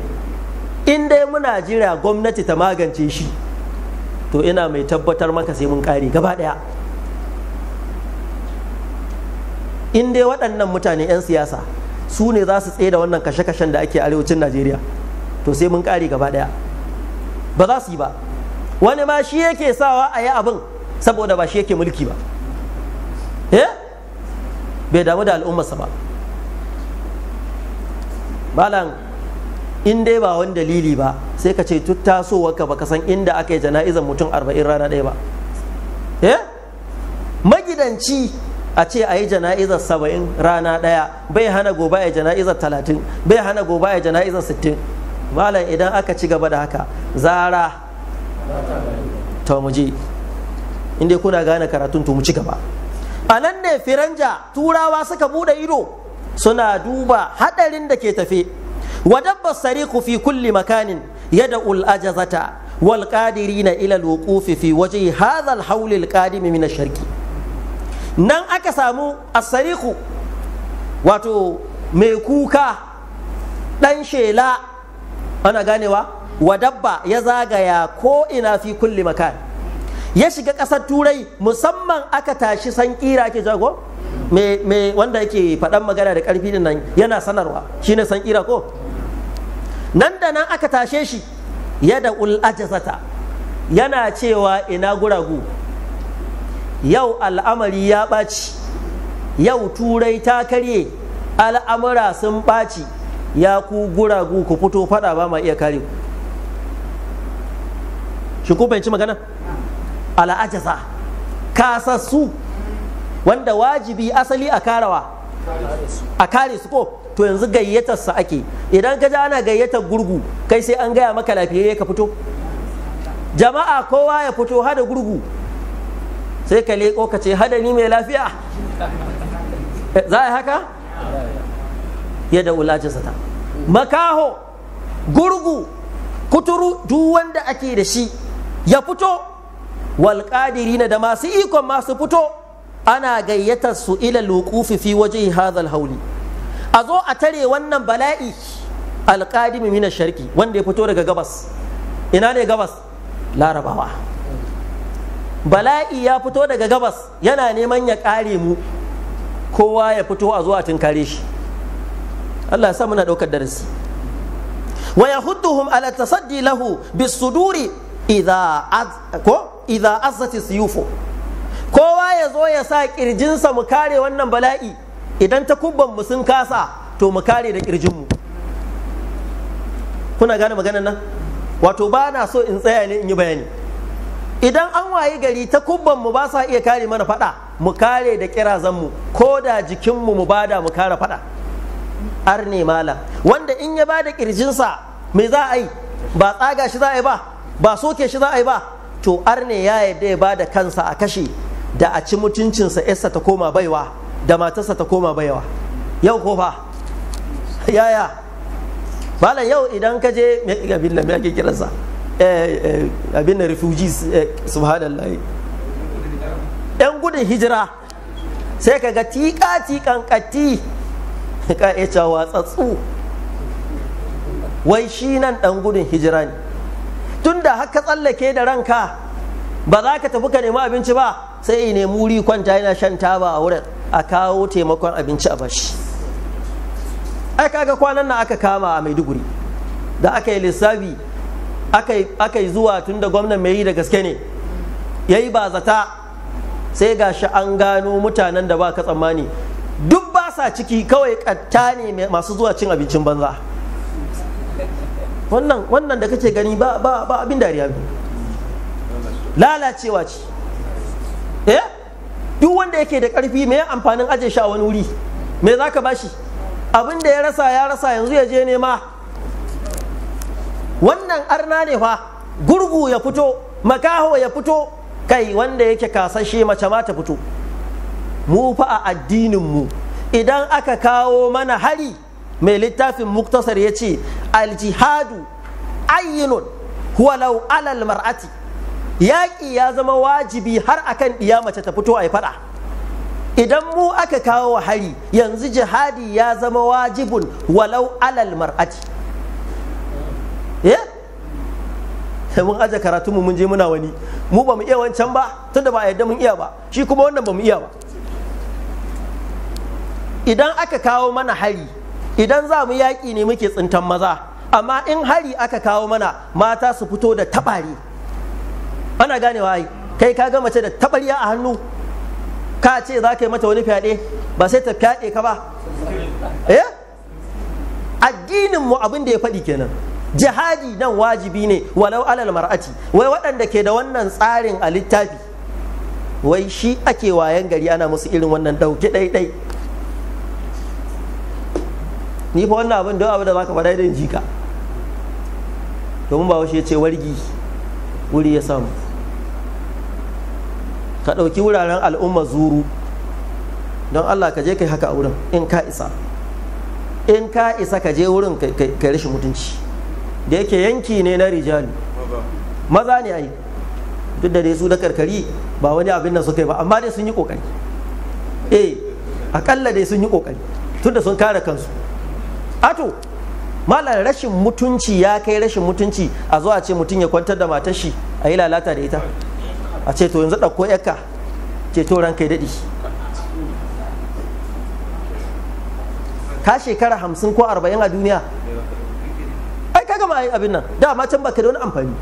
in dai muna jira gwamnati ta magance shi to ina mai tabbatar maka sai mun kare gaba daya in dai waɗannan mutane 'yan siyasa su ne za su tsaye da wannan kashe-kashen da ake arewacin najeriya to sai mun kare gaba daya ba za su yi ba wani ma shi yake sawa a yi abin saboda ba shi yake mulki ba eh bai damu da al'ummarsa ba malam in dai ba wani dalili ba sai ka ce tut tasowarka baka san inda aka yi jana'izar mutum arba'in rana ɗaya ba eh magidanci a ce a yi jana'izar saba'in rana ɗaya bai hana gobe a jana'izar talatin bai hana gobe a jana'izar sittin malam idan aka ci gaba da haka zara to mu je inda kuna gane karatun to mu ci gaba a nan ne firanja turawa suka buɗe ido suna duba haɗarin da ke tafe wa dabba sariqu fi kulli makanin yad'u al-ajazata wal qadirina ila al-wuquf fi wajhi hadha al-hawl al-qadim min ash-sharqi nan aka samu as-sariqu wato mai kuka dan shela ana ganewa wa dabba ya zagaya ko ina fi kulli makan ya shiga ƙasar turai musamman aka tashi san kira ke jago me wanda yake faɗan magana da ƙarfi nan yana sanarwa shi ne san ko nan da nan aka tashe shi ya da ajazata yana cewa ina guragu yau al'amari ya ɓaci yau turai ta karye al'amura sun ɓaci ya ku guragu ku fito faɗa ba ma iya kare ku shi ku fahimci magana al'ajaza kasassu wanda wajibi asali a karawa a kare su ko to yanzu gayyatar sa ake idan ka ji ana gayyatar gurgu kai sai an gaya maka lafiyayye ka fito jama'a kowa ya fito hada gurgu sai ka leko ka ce hada ni mai lafiya eh, za a haka yadda wulacin ta makaho gurgu kuturu duk wanda ake da shi ya fito walƙadiri na da masu ikon masu fito ana gayyatar su ila luqufi fi waje hadha hauli a zo a tare wannan bala'i alqadimi min sharki. wanda ya fito daga gabas ina ne gabas larabawa bala'i ya fito daga gabas yana neman ya ƙare mu kowa ya fito a zo a tunkare shi Allah ya sa muna ɗaukar darasi wa yahudduhum ala tasaddi lahu bis suduri idza ko idza azzati siyufu kowa ya zo ya sa kirjinsa mu kare wannan bala'i idan ta kubban mu sun kasa to mu kare da kirjinmu kuna gane maganar nan wato ba na so in tsaya ne in yi bayani idan an wayi gari ta kubban mu ba sa iya kare mana fada mu kare da kirazanmu ko da jikinmu mu bada mu kare fada arne mala wanda in ya bada kirjinsa me za a yi ba tsaga shi za a yi ba ba soke shi za a yi ba to arne ya yarda ya bada kansa a kashe da a ci mutuncinsa yarsa ta koma baiwa da matarsa ta koma baiwa yau ko fa yaya malam yau idan ka je abin da kira sa eh, eh, abin da refugees eh, subhanallah yan gudun hijira sai ka ga tika tikan kati ka iya cewa tsatsu wai shi nan dan gudun hijira ne tunda haka tsallake da ranka ba za ka tafi ka nemi abinci ba sai ya nemi wuri kwanta yana shan taba a wurin a kawo taimakon abinci a bashi ai kaga kwanan na aka kama a maiduguri da aka yi lissafi aka yi zuwa tun da gwamnan mai yi da gaske ne ya yi ba zata sai gashi an gano mutanen da ba ka tsammani duk ba sa ciki kawai katta ne masu zuwa cin abincin banza wannan da kake gani ba abin dariya lalacewa ce eh duk wanda yake da ƙarfi me ya amfanin aje shi a wani wuri me za ka bashi abin da ya rasa ya rasa yanzu ya je nema wannan arna ne fa gurgu ya fito makaho ya fito kai wanda yake kasashe mace ma ta fito mu fa a addinin mu idan aka kawo mana hari mai littafin muktasar ya ce aljihadu ayyinun huwa lau mar'ati yaƙi ya zama wajibi har akan ɗiya mace ta fito a yi faɗa idan mu aka kawo wa hari yanzu jihadi ya zama wajibun walau alal mar'ati eh? mun aje karatu mu mun je muna wani mu ba mu iya wancan ba tunda ba a yadda mun iya ba shi kuma wannan ba mu iya ba idan aka kawo mana hari idan za mu yaƙi ne muke tsintan maza amma in hari aka kawo mana mata su fito da taɓare ana ganewa ai kai ka ga mace da taɓarya a hannu ka ce za ka yi mata wani fyaɗe ba sai ta fyaɗe ka ba eh addinin mu abin da ya faɗi kenan jihadi nan wajibi ne walau alal mar'ati wai waɗanda ke da wannan tsarin a littafi wai shi ake wayan gari ana musu irin wannan ɗauki ɗaiɗai ni fa wannan abin don abu da zaka faɗa idan jika domin ba ya ce wargi wuri ya samu ka ɗauki wuraren al'umma zuru don Allah ka je kai haka a wurin in ka isa in ka isa ka je wurin ka rashin mutunci da yake yanki ne na rijali maza ne ai duk da dai su da karkari ba wani abin nan suka yi ba amma dai sun yi kokari eh akalla dai sun yi kokari tunda sun kare kansu ato malam rashin mutunci ya kai rashin mutunci a zuwa ce mutum ya kwantar da matar shi a yi lalata da ita a ce to yanzu ɗauko yaka ce to ranka daɗi ka shekara hamsin ko arba'in a duniya ai ka gama abin nan dama can baka da wani amfani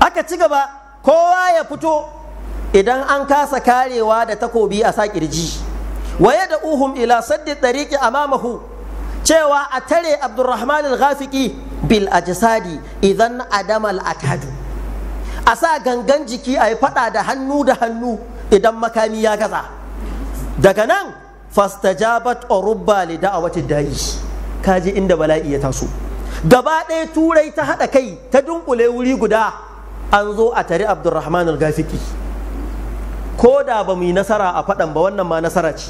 aka ci gaba kowa ya fito idan an kasa karewa da takobi a sa kirji waye da uhum ila saddi dariki amamahu cewa a tare abdurrahman al-ghafiqi bil ajsadi idan adamal atadu a sa gangan jiki a yi fada da hannu da hannu idan makami ya gaza daga nan fastajabat urubba a da'awati da'i kaji inda bala'i ya taso gaba ɗaya turai ta haɗa kai ta dunkule wuri guda an zo a tare abdurrahman al-gafiki ko da ba mu yi nasara a faɗan ba wannan ma nasara ce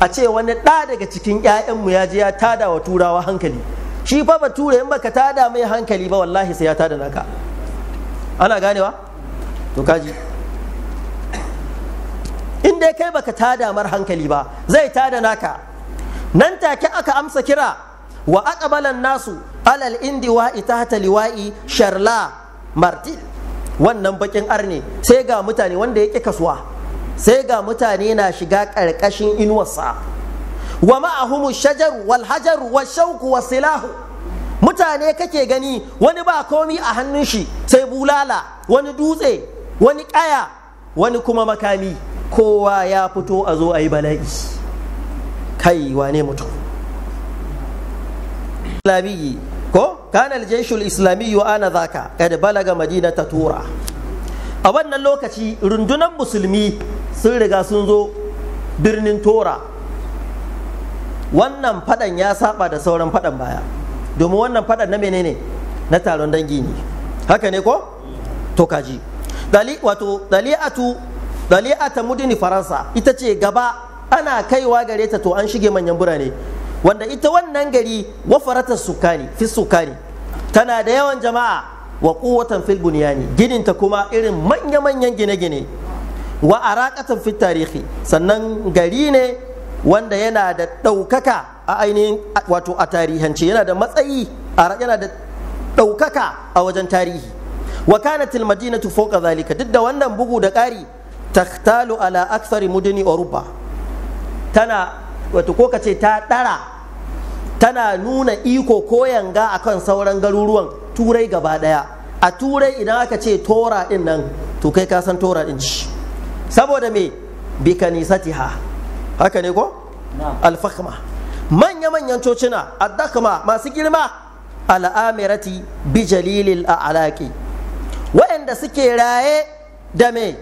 a ce wani ɗa daga cikin 'ya'yanmu ya je ya tada wa turawa hankali shi fa bature in baka tada mai hankali ba wallahi sai ya tada naka ana ganewa to kaji in dai kai baka tada mar hankali ba zai tada naka nan take aka amsa kira wa aqbalan nasu alal indi wa itata liwa'i sharla martil wannan bakin arne sai ga mutane wanda yake kasuwa sai ga mutane na shiga ƙarƙashin inuwarsa wa ma'ahum shajar wal hajar wa wa silahu mutane kake gani wani ba komi a hannun shi sai bulala wani dutse wani kaya wani kuma makami kowa ya fito a zo a yi bala'i kai wane mutum islamiyyi ko kana aljaishul islamiyyu ana zaka kad balaga madinata tura a wannan lokaci rundunar musulmi sun riga sun zo birnin tora wannan fadan ya saba da sauran fadan baya domin wannan fadan na menene na taron dangi ne haka ne ko to kaji dali wato dali'atu dali'ata mudini faransa ita ce gaba ana kaiwa gare ta to an shige manyan birane wanda ita wannan gari wafarata sukani fi sukani tana da yawan jama'a wa kuwatan fil bunyani gininta kuma irin manya-manyan gine-gine wa arakatan fit tarihi sannan gari ne wanda yana da ɗaukaka a ainihin wato a tarihance yana da matsayi a yana da ɗaukaka a wajen tarihi wa Tilmadina almadinatu fawqa zalika duk da wannan bugu da ƙari takhtalu ala Aksari Mudini oruba tana wato ko kace ta ɗara tana nuna iko ko yanga kan sauran garuruwan turai gaba ɗaya a turai idan aka ce tora ɗin nan to kai ka san tora ɗin ci saboda me bikanisatiha. haka ne ko alfakma manya-manyan cocina addakma masu girma al'amirati bi jalilil alaƙi waɗanda suke raye da mai,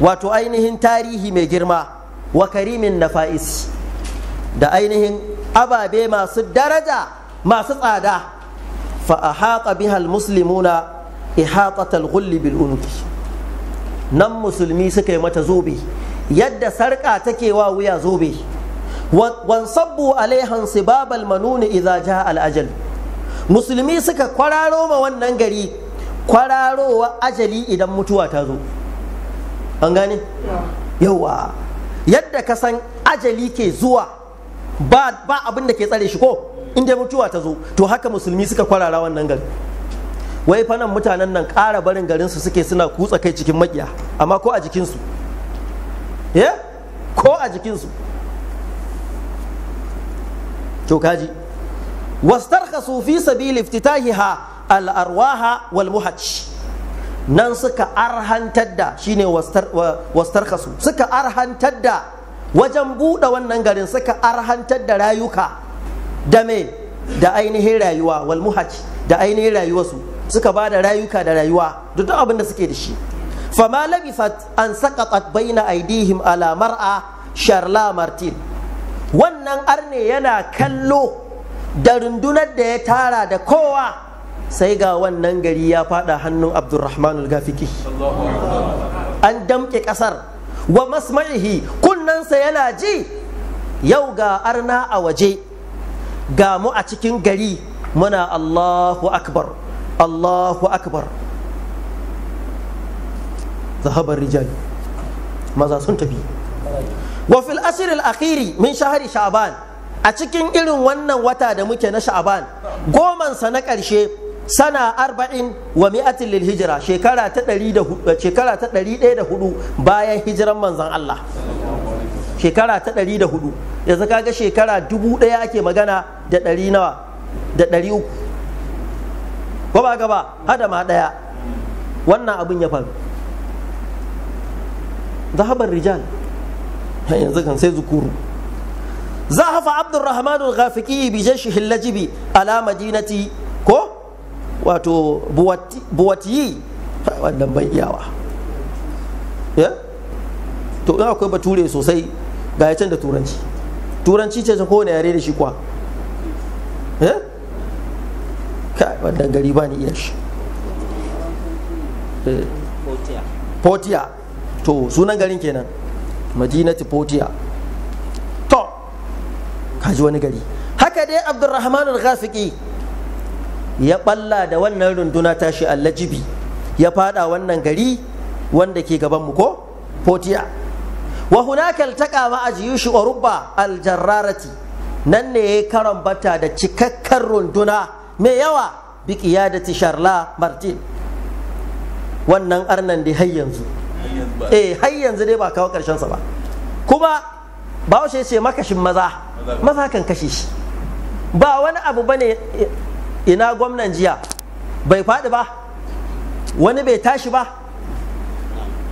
wato ainihin tarihi mai girma wa karimin nafa'is da ainihin ababe masu daraja masu tsada fa ahata bihal muslimuna ihatatal ghulli bil unki nan musulmi suka yi mata zobe yadda sarƙa take wa wuya zobe wansabbu alaihan sibab manuni idza jaa al'ajal musulmi suka kwararo ma wannan gari kwararowa ajali idan mutuwa ta zo an gane yawa yadda ka san ajali ke zuwa ba, ba abin da ke tsare shi ko inda mutuwa ta zo to haka musulmi suka kwarara wannan gari wai fanan mutanen nan ƙara barin garinsu suke suna kutsa kai cikin makiya amma ko a jikinsu ya ko a jikinsu to kaji wastarkhasu fi sabil iftitahiha al arwaha wal muhajj nan suka arhantar da shine wastarkhasu suka arhantar da wajen buɗe wannan garin suka arhantar da rayuka da me da ainihin rayuwa wal muhajj da ainihin rayuwarsu suka ba da rayuka da rayuwa duk abin da suke da shi فما لبثت an سقطت baina aidihim على مرأة sharla martin wannan arne yana kallo da rundunar da ya tara da kowa sai ga wannan gari ya fada hannun abdurrahman gafiki an damke kasar wa masma'ihi kunnansa yana ji yau ga arna a waje ga mu a cikin gari muna allahu akbar allahu akbar zahabar rijal maza sun tafi wa fil ashr al akhiri min shahri sha'ban a cikin irin wannan wata da muke na sha'ban goman sa na ƙarshe, sana arba'in wa mi'atin lil hijira shekara ta ɗari da eh, shekara ta ɗari ɗaya da hudu bayan hijiran manzon Allah shekara ta ɗari da hudu yanzu kaga shekara dubu ɗaya ake magana da ɗari nawa da ɗari uku ko ba gaba hada ma ɗaya wannan abin ya faru zahabar rijal yanzu kan sai zukuru زحف abdurrahman al الغافقي bi اللجبي على مدينة كو ko wato بواتي wannan bai iyawa ya to in akwai bature sosai ga ya can da turanci turanci ce wani yare da shi kuwa ya kai wannan gari ba ni iya shi potiya to sunan garin kenan madinati potiya to kaji wani gari haka dai abdurrahman al-ghafiqi ya balla da wannan runduna tashi allajibi ya fada wannan gari wanda ke gaban mu ko potiya wa hunaka altaqa ma ajiyushi urubba al-jarrarati nan ne ya karambata da cikakkar runduna mai yawa bi qiyadati sharla martin wannan arnan da har yanzu eh har yanzu dai ba kawo karshen sa ba kuma bahaushe ce makashin maza maza kan kashe shi ba wani abu bane ina gwamnan jiya bai faɗi ba wani bai tashi ba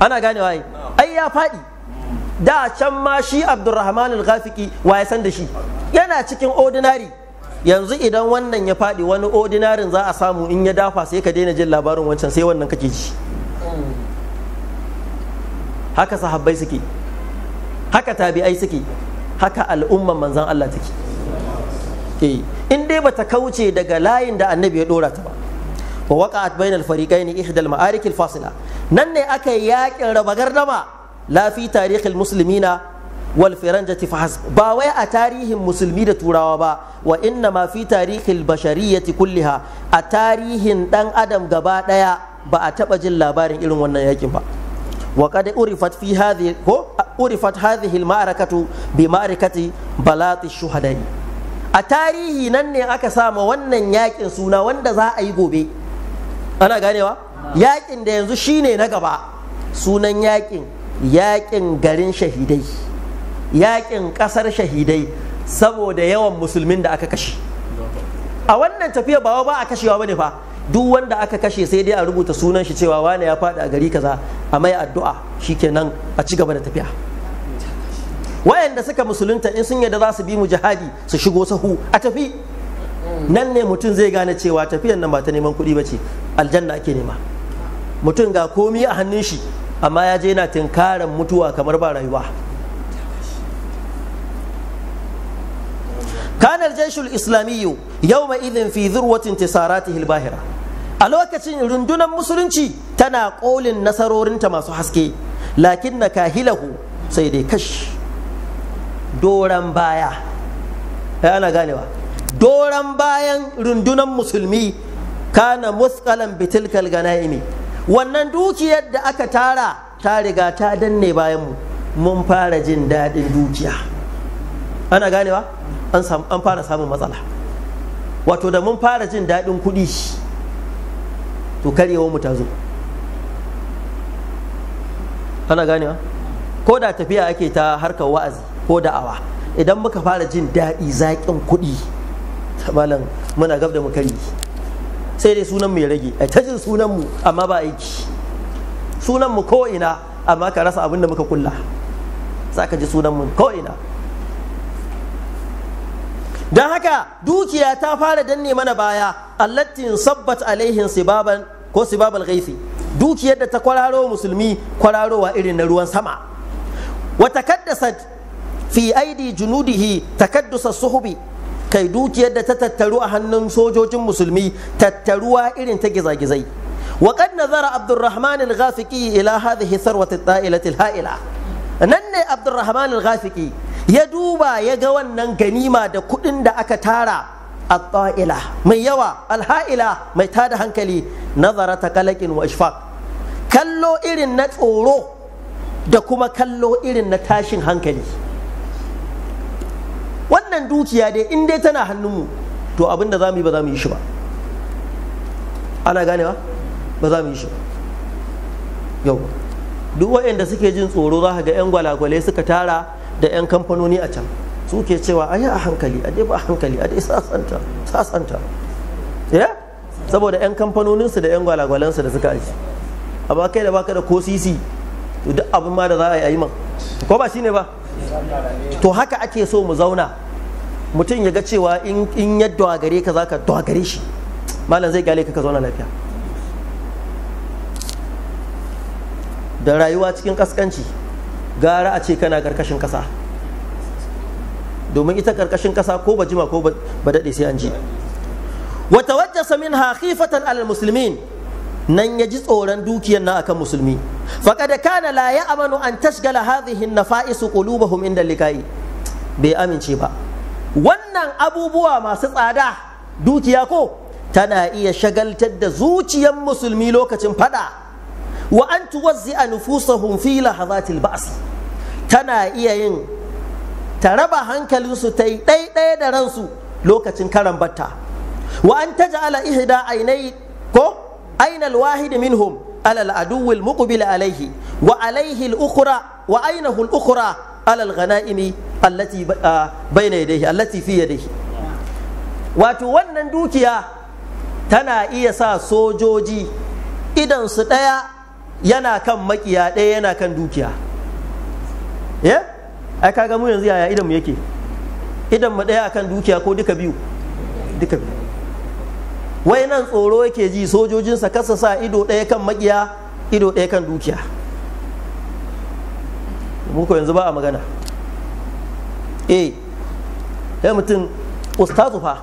ana ganewa yi ai ya faɗi da can ma shi abdurrahman al ghafiqi wa ya san da shi yana cikin ordinary yanzu idan wannan ya faɗi wani ordinary za a samu in ya dafa sai ka daina jin labarin wancan sai wannan kake ji haka sahabbai suke haka tabi'ai suke haka al'umman manzan Allah take eh in dai bata kauce daga layin da annabi ya dora ta ba wa waqa'at bainal fariqaini ihdal ma'arik al fasila nan ne aka yi yakin raba gardama la fi tarihil muslimina wal firanjati fahas ba wai a tarihin musulmi da turawa ba wa inna ma fi tarihil bashariyati kulliha a tarihin dan adam gaba daya ba a taba jin labarin irin wannan yakin ba وقد عرفت في هذه عرفت هذه المعركة بمعركة بلاط الشهداء a tarihi nan ne aka sama wannan yakin suna wanda za a yi gobe ana ganewa yakin da yanzu shine na gaba sunan yakin yakin garin shahidai yakin kasar shahidai saboda yawan musulmin da aka kashe a wannan tafiya ba ba a kashewa bane fa duk wanda aka kashe sai dai a rubuta sunan shi cewa wane ya faɗi a gari kaza a mai addu'a shi shikenan a ci gaba da tafiya wayanda suka musulunta in sun yadda za su bi mu jihadi su shigo sahu a tafi nan ne mutum zai gane cewa tafiyan nan ba ta neman kuɗi ba ce aljanna ake nema mutum ga komi a hannun shi amma ya je yana tinkaran mutuwa kamar ba rayuwa كان الجيش الإسلامي يومئذ في ذروة انتصاراته الباهرة a lokacin rundunar musulunci tana kolin nasarorinta masu haske lakin na kahilahu sai dai kashi. doran baya ya ana ganewa doran bayan rundunar musulmi kana muskalan bitilkal ganaimi wannan dukiyar da aka tara ta riga ta danne bayanmu mun fara jin daɗin dukiya ana ganewa an fara samun matsala wato da mun fara jin daɗin kuɗi to karyewar mu ta zo ana ganewa ko da tafiya ake ta harkar wa'azi ko da'awa idan muka fara jin daɗi zaƙin kuɗi malam muna gab da mu karye sai dai sunan mu ya rage a ta jin sunan mu amma ba aiki sunan mu ko ina amma ka rasa abin da muka kulla za ka ji sunan mu ko ina don haka dukiya ta fara danne mana baya allatin sabbat alaihin sibaban ko sibabal gaifi dukiyar da ta kwararo musulmi kwararowa irin na ruwan sama wa takaddasat fi aidi junudihi takaddusa suhubi kai dukiyar da ta tattaru a hannun sojojin musulmi tattaruwa irin ta gizagizai وقد نظر عبد الرحمن الغافقي إلى هذه الثروة الطائلة الهائلة نن عبد الرحمن الغافقي ya duba ya ga wannan ganima da kuɗin da aka tara al mai yawa Alha'ila mai tada hankali nazara ta kalakin wa ishfaq kallo irin na tsoro da kuma kallo irin na tashin hankali wannan dukiya dai in dai tana hannunmu to abin da za mu yi ba za mu yi shi ba ana ganewa ba za mu yi shi ba yau duk waɗanda suke jin tsoro za ka ga 'yan gwalagwale suka tara da 'yan kamfanoni a can suke cewa a yi a hankali a ba a hankali a dai sasanta sasanta ya saboda 'yan kamfanoninsu da 'yan gwalagwalansu da suka aji a ba kai da baka da ko sisi to duk abin ma da za a yi a man ko ba shine ba to haka ake so mu zauna mutum ya ga cewa in ya dogare ka zaka dogare shi malam zai gale ka ka zauna lafiya da rayuwa cikin kaskanci gara a ce kana karkashin kasa domin ita karkashin kasa ko ba jima ko ba daɗe sai an ji wata wajjasa samin hakifatan alal musulmin nan ya ji tsoron dukiyar na akan musulmi faqad kana la manu an tashgala faisu an-nafa'is qulubahum inda likai bai amince ba wannan abubuwa masu tsada dukiya ko tana iya shagaltar da zuciyar musulmi lokacin fada wa an tuwazzi'a nufusahum fi lahazatil ba's tana iya yin ta raba hankalinsu ta yi ɗaiɗaya da ransu lokacin karan batta wa an taj'ala ihda ainai ko ainal wahid minhum ala al-aduw al-muqbil alayhi wa alayhi al-ukhra wa ainahu al-ukhra ala al-ghanaimi allati ah, bayna yadayhi allati fi yadayhi wato wannan dukiya tana iya sa sojoji idan su ɗaya yana kan makiya ɗaya yana kan dukiya ya ai kaga mu yanzu yaya idan mu yake idan mu ɗaya akan dukiya ko duka biyu duka biyu wai nan tsoro yake ji sojojinsa kasa sa ido ɗaya kan makiya ido ɗaya kan dukiya muku yanzu ba a magana eh sai mutum ustazu fa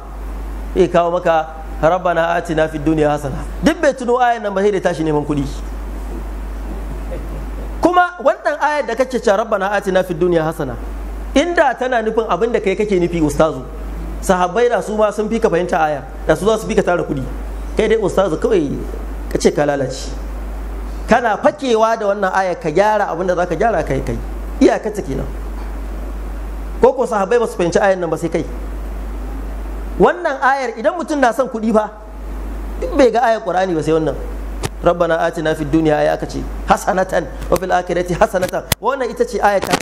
eh kawo maka rabbana atina fid dunya hasana duk bai tuno ayan nan ba sai da tashi neman kuɗi kuma wannan ayar da kake cewa rabbana atina fid dunya hasana inda tana nufin abin da kai kake nufi ustazu sahabbai da su ma sun fi ka fahimta aya da su za su fi ka tara kuɗi kai dai ustazu kawai ka ce ka lalace kana fakewa da wannan aya ka gyara abin da za ka gyara kai kai iyaka ta kenan ko ko sahabbai ba su fahimci ayar nan ba sai kai wannan ayar idan mutum na son kuɗi fa in bai ga ayar qur'ani ba sai wannan rabbana atina fid dunya aya aka ce hasanatan wa fil akhirati hasanatan wannan ita ce aya ta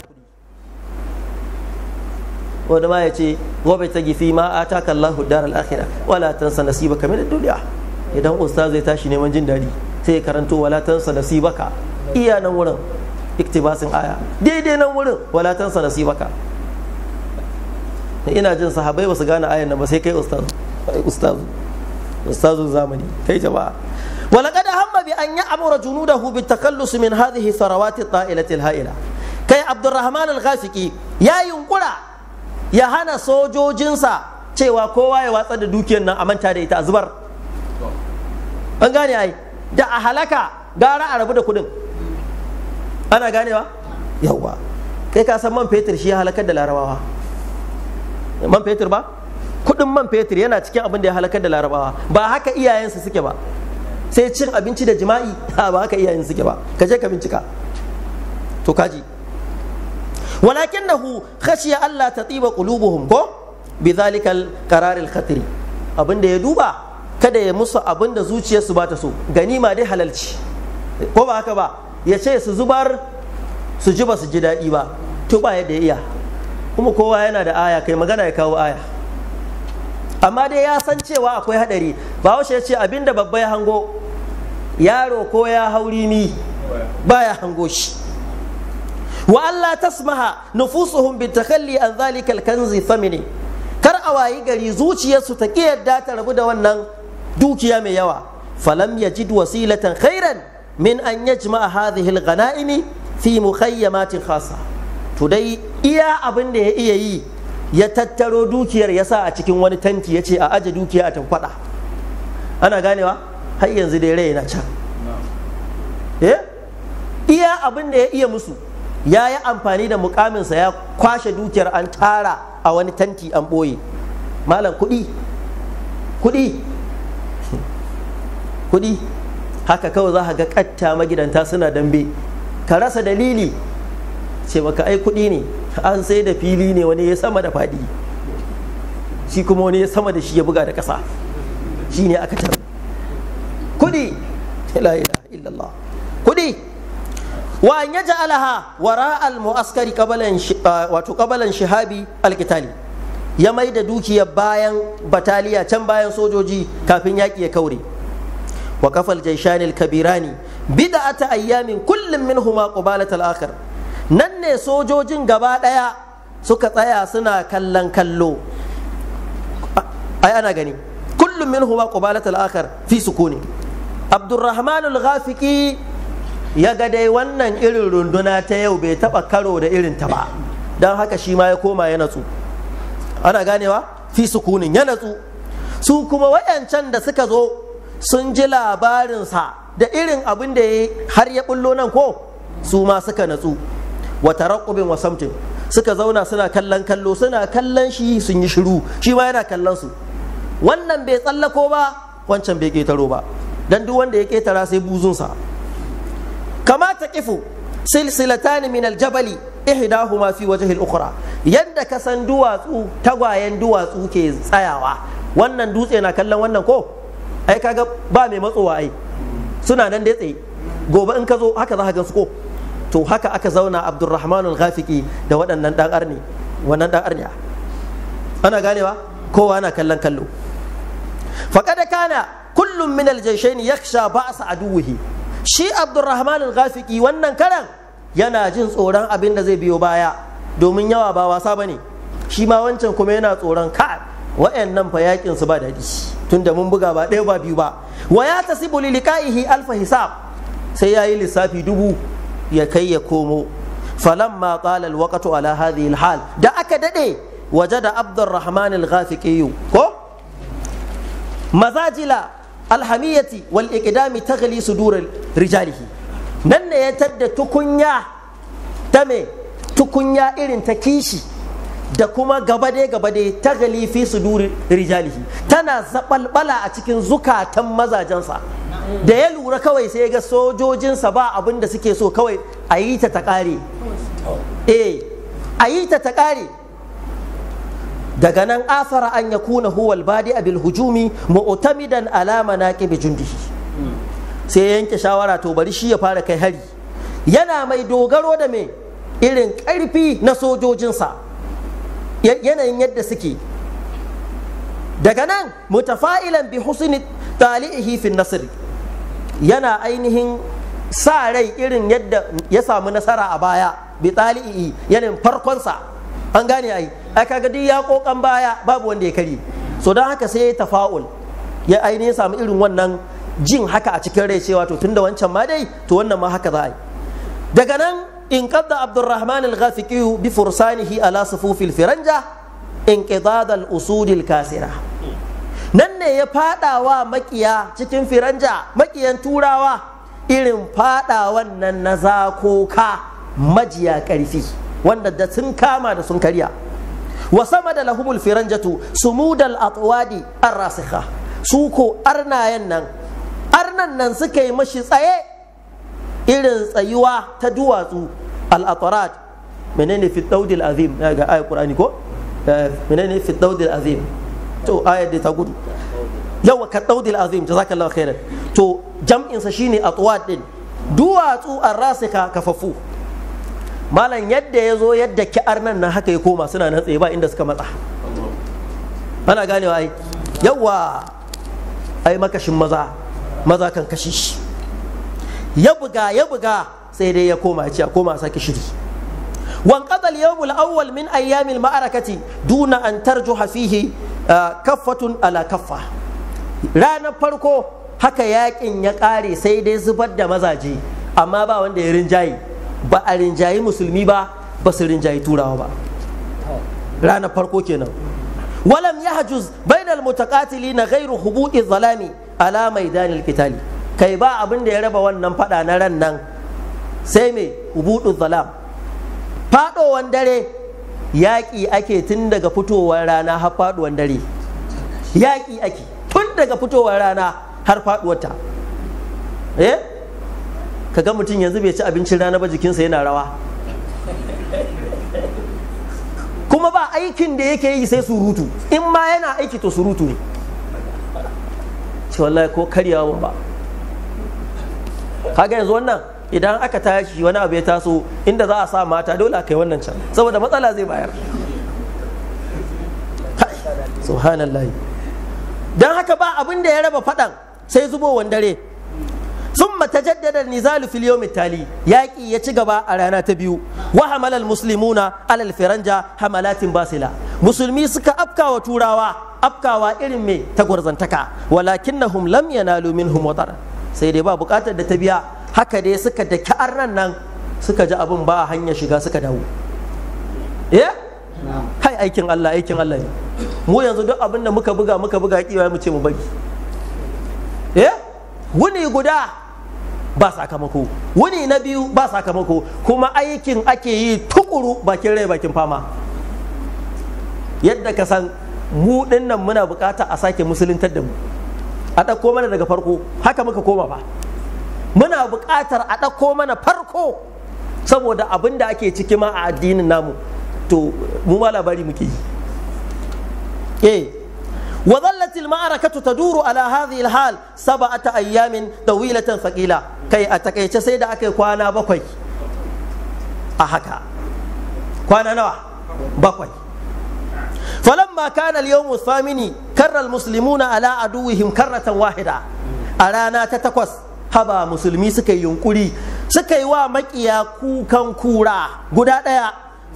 wani ma ya ce gobe ta gifi ma ataka Allahu daral akhirah wala tansa nasibaka min ad-dunya idan ustaz zai tashi neman jin dadi sai ya karanto wala tansa nasibaka iya nan wurin iktibasin aya daidai nan wurin wala tansa nasibaka ina jin sahabai ba su gane ayan nan ba sai kai ustaz ustazu ustazun zamani kai jama'a ولقد da بأن يأمر جنوده بالتخلص من هذه الثروات الطائلة الهائلة كي عبد الرحمن الغاسقي يا ينقرا يا هنا سوجو جنسا cewa kowa ya watsar da dukiyar nan a manta da ita a an gane ai da a halaka gara a rabu da kudin ana ganewa yawa kai ka san man fetur shi ya halakar da larabawa man fetur ba kudin man fetur yana cikin abin da ya halakar da larabawa ba haka iyayensu suke ba sai cin abinci da jima'i ta ba haka iyayen suke ba ka je ka bincika to kaji walakinahu khashiya Allah tatiba qulubuhum ko bidhalikal qararil khatiri abinda ya duba kada ya musu abinda zuciyarsu ba ta so ganima dai halalci ko ba haka ba ya ce su zubar su ji ba su ji daɗi ba to ba yadda ya iya kuma kowa yana da aya kai magana ya kawo aya amma dai ya san cewa akwai hadari ba ya ce abinda babba ya hango yaro ko ya hauri ni baya hango shi wa Allah tasmaha nufusuhum takalli an zalikal kanzi famini kar a wayi gari zuciyarsu ta ki yadda ta rabu da wannan dukiya mai yawa falam yajid wasilatan khairan min an yajma'a hadhihi al-ghanaimi fi mukhayamatin khasa to dai iya abin da ya iya yi ya tattaro dukiyar ya sa a cikin wani tanti ya ce a aje dukiya a tafada ana ganewa har yanzu dai rai na can eh? iya abin da ya iya musu ya yi amfani da mukaminsa ya kwashe dukiyar an tara a wani tanti an ɓoye malam kuɗi kuɗi kuɗi haka kawai za ka ga ƙatta magidanta suna dambe ka rasa dalili ce maka ai kuɗi ne an sai da fili ne wani ya sama da faɗi shi kuma wani ya sama da shi ya buga da ƙasa shi ne aka tara kudi la ilaha illallah kudi wa an yaj'alaha wara al mu'askari qabalan uh, wato qabalan shihabi al qitali ya mai da dukiyar bayan bataliya can bayan sojoji kafin yaƙi ya kaure wa kafal jaishanil kabirani ta ayyamin kullum minhuma qubalat al akhir nan ne sojojin gaba ɗaya suka tsaya suna kallon kallo ai ana gani kullum min huma qubalat al fi sukuni abdurrahman al ya ga dai wannan irin runduna ta yau bai taba karo da irin ta ba don haka shi ma ya koma ya natsu ana ganewa fi sukunin ya natsu su kuma wayancan da suka zo sun ji labarinsa da irin abin da ya har ya bullo nan ko su ma suka natsu Wata rakubin wa samtin suka zauna suna kallon kallo suna kallon shi sun yi shiru shi ma yana kallon su wannan bai tsallako ba wancan bai ketaro ba dan duk wanda ya ketara sai buzunsa kama ta kifu silsilatani min aljabali ihdahuma fi wajhi al-ukhra yadda ka san duwatsu tagwayen duwatsu ke tsayawa wannan dutse na kallon wannan ko ai kaga ba mai matsowa ai suna nan da tsaye gobe in ka zo haka za ka gansu ko to haka aka zauna abdurrahman al-ghafiqi da waɗannan dan arni wannan dan arniya ana ganewa kowa ana kallon kallo faqad kana kullum min al-jayshayn yakhsha ba'sa aduwihi shi Abdulrahman al-Ghafiqi wannan karan yana jin tsoron abin da zai biyo baya domin yawa ba wasa bane shi ma wancan kuma yana tsoron ka wayannan fa yakin su ba dadi tunda mun buga ba ɗaya ba biyu ba wa ya tasibu liliqaihi alfa hisab sai yayi lissafi dubu ya kai ya komo falamma qala alwaqtu ala hadhihi alhal da aka dade wajada abdurrahman alghafiqi ko mazajila alhamiyati wal iqdami taghli sudur rijalihi nan ne ya tadda tukunya ta me tukunya irin ta kishi da kuma gabade ta taghli fi sudur rijalihi tana zabalbala a cikin zukatan mazajensa da ya lura kawai sai ga sojojinsa ba abin da suke so kawai a yi ta ta kare eh a ta ta daga nan asara an ya kuna huwal badi bil hujumi mu'tamidan ala manaqib jundihi sai yanke shawara to bari shi ya fara kai hari yana mai dogaro da me irin karfi na sojojinsa yanayin yadda suke daga nan mutafa'ilan bi husni tali'ihi fi nasr yana ainihin sa rai irin yadda ya samu nasara a baya bi tali'i yanayin farkonsa an gane ai ai kaga duk ya kokan baya babu wanda ya kare so don haka sai ya tafa'ul ya ainihin samu irin wannan jin haka a cikin rai cewa to tunda wancan ma dai to wannan ma haka za a yi daga nan in qadda abdurrahman al ghafiqi bi fursanihi ala sufufil firanja inqidad al-usud al-kasira nan ne ya fadawa makiya cikin firanja makiyan turawa irin fadawan wannan na zakoka majiya karfi wanda da sun kama da sun karya Wasama da lahumul firanjatu sumudal atwadi ar-rasikha su ko arnayan nan arnan nan suka yi mashi tsaye irin tsayuwa ta duwatsu al-atrad menene fi daudil azim ga ayat qur'ani ko menene fi daudil azim to ayat da ta gudu yawa ka daudil azim jazakallahu khairan to jam'in sa shine atwad din duwatsu ar kafafu malam yadda ya zo yadda ki'ar nan na haka ya koma suna nan tsaye ba inda suka matsa ana ganewa ai yawa ai makashin maza maza kan kashe shi ya buga ya buga sai dai ya koma ya ce a koma sake shiri وانقضى اليوم الأول من أيام المعركة دون أن ترجح فيه كفة على كفة رانا فرقو haka yakin ya ƙare sai dai zubar da mazaje amma ba wanda ya rinjaye ba a rinjayi musulmi ba ba su rinjayi turawa ba ranar farko kenan walam yahjuz bainal na ghairu hubu'i zalami ala maidanil qitali kai ba abin da ya raba wannan fada na ran nan sai me hubudu zalam fadowan dare yaƙi ake tun daga fitowar rana har faɗuwan dare yaƙi ake tun daga fitowar rana har faɗuwata. eh Ka ga mutum yanzu bai ci abincin rana ba jikinsa yana rawa kuma ba aikin da yake yi sai surutu in ma yana aiki to surutu ne ce wallahi ko karyawa ba kaga yanzu wannan idan aka tashi wani abu ya taso inda za a sa mata dole aka kai wannan can saboda matsala zai bayar subhanallah don haka ba abin da ya raba fadan sai zubowar dare thumma mata an-nizal fil yawm tali yaki ya ci gaba a rana ta biyu wa hamala al alal firanja hamalatin basila musulmi suka afkawa turawa afkawa irin me tagwarzantaka walakinnahum lam yanalu minhum watar sai dai ba bukatar da ta biya haka dai suka daki arnan nan suka ji abin shiga suka dawo kai eh? aikin Allah aikin Allah mu yanzu duk abin da muka buga muka buga kiwa mu ce mu bari eh wuni guda ba sakamako wuni na biyu ba sakamako kuma aikin ake yi tukuru bakin rai bakin fama yadda ka san mu dinnan muna bukata a sake musuluntar da mu a ɗauko mana daga farko haka muka koma ba muna bukatar a ɗauko mana farko saboda abin da ake ciki ma a addinin namu to mu ma labari muke yi eh وظلت المعركة تدور على هذه الحال سبعة أيام طويلة ثقيلة كي أتكيت سيدا أكي كوانا بكوي أحكا كوانا نوع بكوي فلما كان اليوم الثامن كر المسلمون على عدوهم كرة واحدة أرانا تتكوس هبا مسلمي سكي ينقلي سكي ومكيا كوكا كورا قدا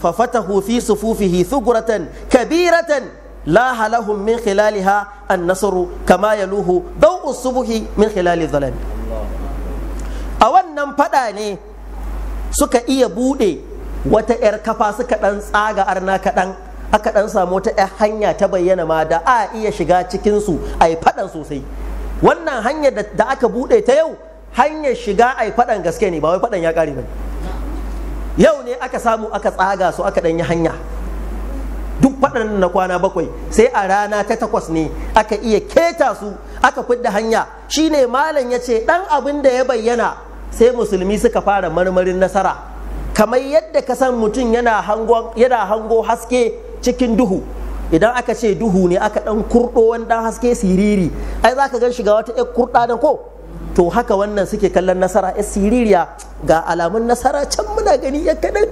ففتحوا في صفوفه ثغرة كبيرة laha lahum min khilaliha an-nasru kama yaluhu daw'u subhi min khilali a wannan fada ne suka iya bude wata yar kafa suka dan tsaga arna kaɗan. aka dan samu wata yar hanya ta bayyana ma da a iya shiga cikin su ai fadan sosai wannan hanyar da aka bude ta yau hanyar shiga ai fadan gaske ne ba wai fadan ya kare ba yau ne aka samu aka tsaga su aka dan yi hanya faɗan na kwana bakwai sai a rana ta takwas ne aka iya keta su aka fidda hanya Shi ne malam ya ce ɗan abin da ya bayyana sai musulmi suka fara marmarin nasara kamar yadda ka san mutum yana hango haske cikin duhu idan aka ce duhu ne aka ɗan kurɗo wani haske siriri ai za ka gan shiga wata ɗan kurɗa da ko to haka wannan suke kallon nasara ya siririya ga alamun nasara can muna gani ya kaɗan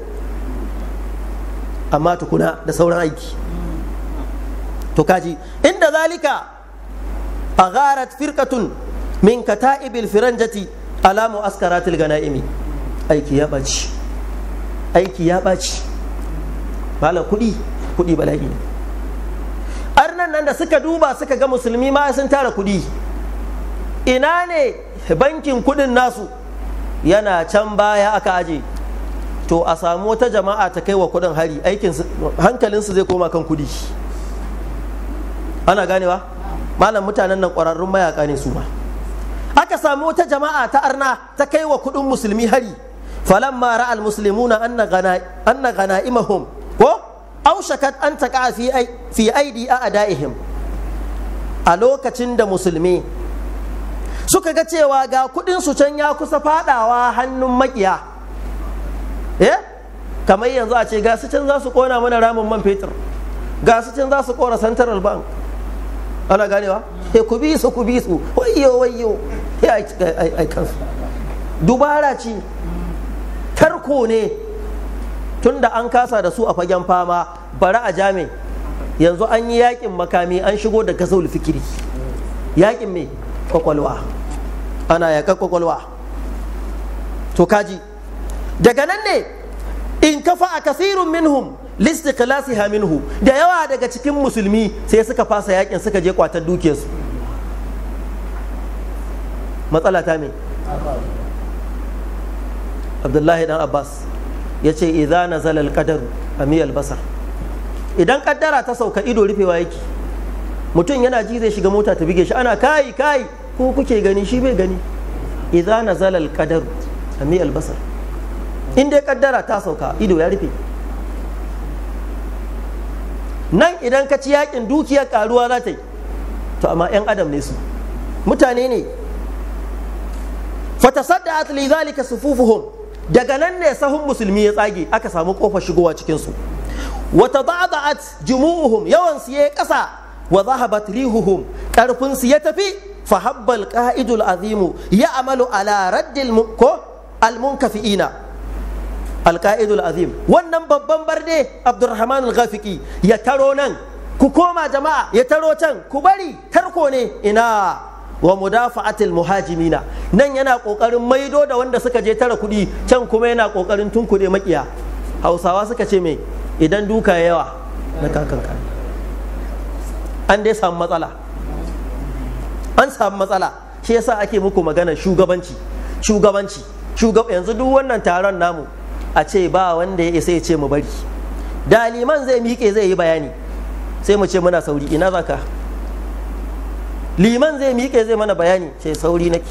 amma tukuna da sauran aiki to kaji inda zalika agharat firqatun min kata'ibil firanjati ala mu'askaratil ganaimi aiki ya baci aiki ya baci bala kudi kudi bala'i ne arnan nan da suka duba suka ga musulmi ma sun tara kudi ina ne bankin kudin nasu yana can baya aka aje to a samu wata jama'a ta kai wa kudin hari aikin hankalinsu zai koma kan kudi ana ganewa malam mutanen nan ƙwararrun mayaka ne su ma aka samu wata jama'a ta arna ta kai wa kudin musulmi hari falamma ra'al na anna gana anna ganaimahum ko shakar an taƙa fi aidi a a'daihim a lokacin da musulmi suka ga cewa ga kudin su can ya kusa fadawa hannun makiya eh kamar yanzu a ce ga su can za su kona mana ramin man fetur ga su can za su kona central bank ana ganewa he eh, ku bi su ku bi su wayyo wayyo he ai kansu dubara ce tarko ne tun da an kasa da su a fagen fama bara a jami yanzu an yi yakin makami an shigo da gasaul fikiri yakin mai kwakwalwa ana yakan kwakwalwa to kaji daga nan ne in kafa a kasirun minhum ha minhu da yawa daga cikin musulmi sai suka fasa yakin suka je kwatan dukiyarsu matsala ta me abdullahi dan abbas ya ce idza nazala alqadar amiyal basar idan kaddara ta sauka ido rufewa yake mutum yana ji zai shiga mota ta bige shi ana kai kai ko kuke gani shi bai gani idza nazala alqadar amiyal basar in dai kaddara ta sauka ido ya rufe nan idan ka ci yakin dukiya karuwa za ta yi to amma 'yan adam ne su mutane ne da li zalika sufufuhum daga nan ne sahun musulmi ya tsage aka samu kofar shigowa cikin su wa tadada'at jumu'uhum yawan su yi ƙasa wa zahabat rihuhum karfin su ya tafi fa habbal qa'idul azimu. ya amalu ala raddil ko al munkafi'ina alka'idul azim wannan babban barde abdurrahman al ya taro nan ku koma jama'a ya taro can ku bari tarko ne ina wa mudafa'atil muhajimina nan yana kokarin maido da wanda suka je tara kudi can kuma yana kokarin tunkude makiya hausawa suka ce mai idan duka yawa na an dai samu matsala an samu matsala shi yasa ake muku magana shugabanci shugabanci yanzu duk wannan taron namu a ce ba wanda ya isa ya ce mu bari da liman zai miƙe zai yi bayani sai mu ce muna sauri ina za ka liman zai miƙe zai mana bayani ce sauri nake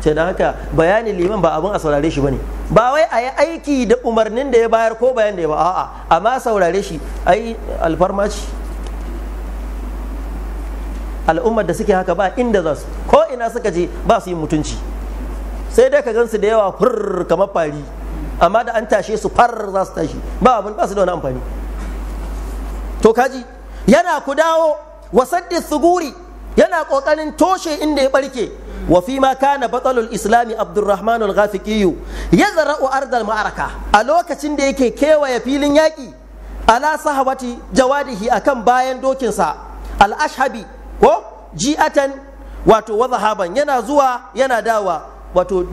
ce da haka bayani liman ba abin a saurare shi bane ba wai a yi aiki da umarnin da ya bayar ko bayan da ya ba a'a amma saurare shi ai alfarma ce al'ummar da suke haka ba inda za su ko ina suka je ba su yi mutunci sai dai ka gansu da yawa fur kamar fari amma da an tashe su far za su tashi ba abin ba su da wani amfani to kaji yana ku dawo wasaddi suguri yana kokarin toshe inda ya barke wa fi ma kana batalul islami abdurrahman al-ghafiqiyu ya zara'u ardal ma'araka a lokacin da yake kewaye filin yaki ala sahabati jawadihi akan bayan dokinsa al-ashhabi ko ji'atan wato wa zahaban yana zuwa yana dawa wato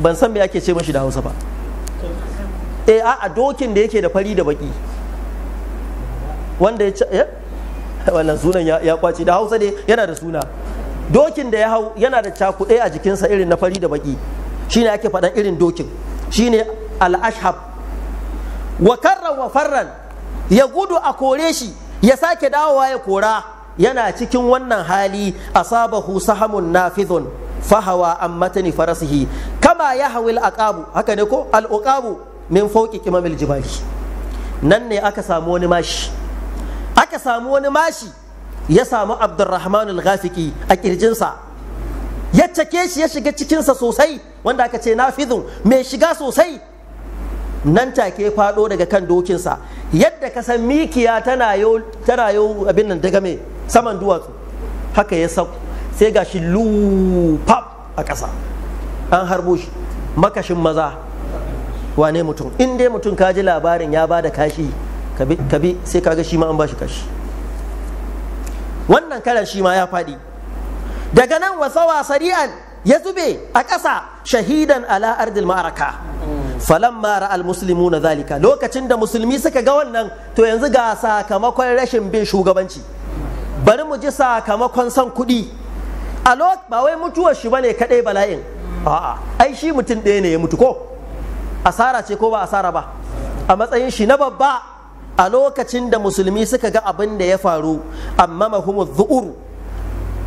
ban san me ake ce mashi da hausa ba eh a dokin da yake da fari da baki wanda ya eh? wannan sunan ya kwace da hausa ne yana da suna dokin da ya hau yana da cakuɗe a jikinsa irin na fari da baki shine ake faɗan irin dokin shine al-ashhab wa karran wa farran ya gudu a kore shi ya sake dawowa ya kora yana cikin wannan hali asabahu sahamun nafidhun fahawa an matani farasihi kama ya hawil aqabu haka ne ko al min fawqi qimamil jibali nan ne aka samu wani mashi aka samu wani mashi ya samu abdurrahman al-ghafiqi a kirjinsa ya cake shi ya shiga cikinsa sosai wanda aka ce nafizun mai shiga sosai nan take faɗo daga kan dokinsa yadda ka san mikiya tana yau abin nan daga mai saman duwatsu haka ya sauko sai ga shi lufaf a ƙasa an harbo shi makashin maza wane mutum in dai mutum ka ji labarin ya ba da kashi kabi bi sai kaga shi ma an ba shi kashi wannan karan shi ma ya faɗi daga nan wasawa sari'an ya zube a ƙasa shahidan ala ardil ma'araka falamma ra'al muslimu na zalika lokacin da musulmi suka ga wannan to yanzu ga sakamakon rashin bin shugabanci bari mu ji sakamakon son kuɗi a ba wai mutuwar shi bane kadai bala'in a'a ai shi mutum ɗaya ne ya mutu ko asara ce ko ba asara ba a matsayin shi na babba a lokacin da musulmi suka ga abin da ya faru amma mahumul zu'uru,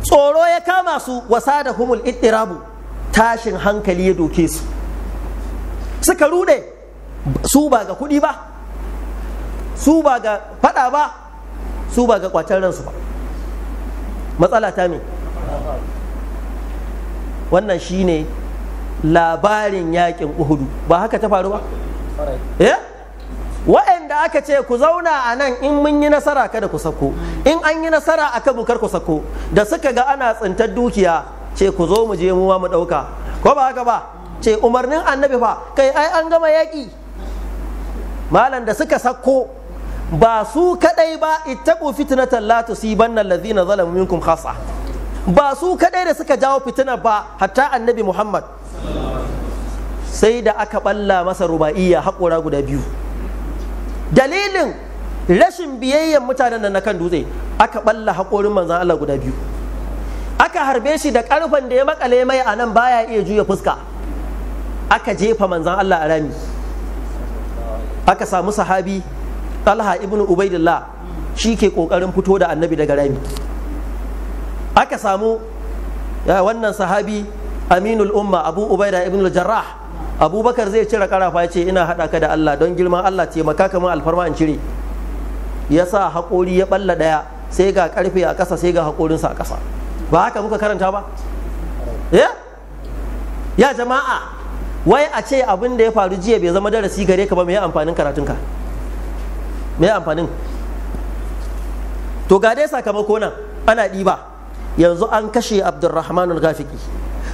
tsoro ya kama su wasa da humul ittirabu tashin hankali ya doke su suka rude su ba ga kuɗi ba su ba ga faɗa ba su ba ga kwacen ransu ba matsala ta me wannan shine labarin yakin uhudu ba haka ta faru ba eh? wa'anda aka ce ku zauna a nan in mun yi nasara kada ku sako in an yi nasara aka bukar ku sako da suka ga ana tsintar dukiya ce ku zo mu je mu mu ɗauka ko ba haka ba ce umarnin annabi fa kai ai an gama yaƙi malam da suka sako ba su kadai ba ittaqu fitnatan la tusibanna allazina zalamu minkum khassa ba su kadai da suka jawo fitina ba hatta annabi muhammad sai da aka balla masa ruba'iyya haƙura guda biyu dalilin rashin biyayyen mutanen nan na kan dutse aka balla haƙorin manzan Allah guda biyu aka harbe shi da ƙarfen da ya makale mai a nan baya iya juya fuska aka jefa manzan Allah a rami aka samu sahabi Talha ibn Ubaidillah shi ke ƙoƙarin fito da annabi daga rami aka samu wannan sahabi aminul umma abu ubaida ibn jarrah abubakar zai cire karafa ya ce ina haɗa ka da allah don girman allah ce maka kamar alfarma in cire ya sa haƙori ya ɓalla ɗaya sai ga ƙarfe a ƙasa sai ga haƙorinsa a ƙasa ba haka muka karanta ba eh? ya jama'a wai a ce abin da ya faru jiya bai zama darasi gare ka ba mai amfanin karatunka mai amfanin to ga dai sakamako nan ana ɗiba yanzu an kashe abdurrahman al-ghafiqi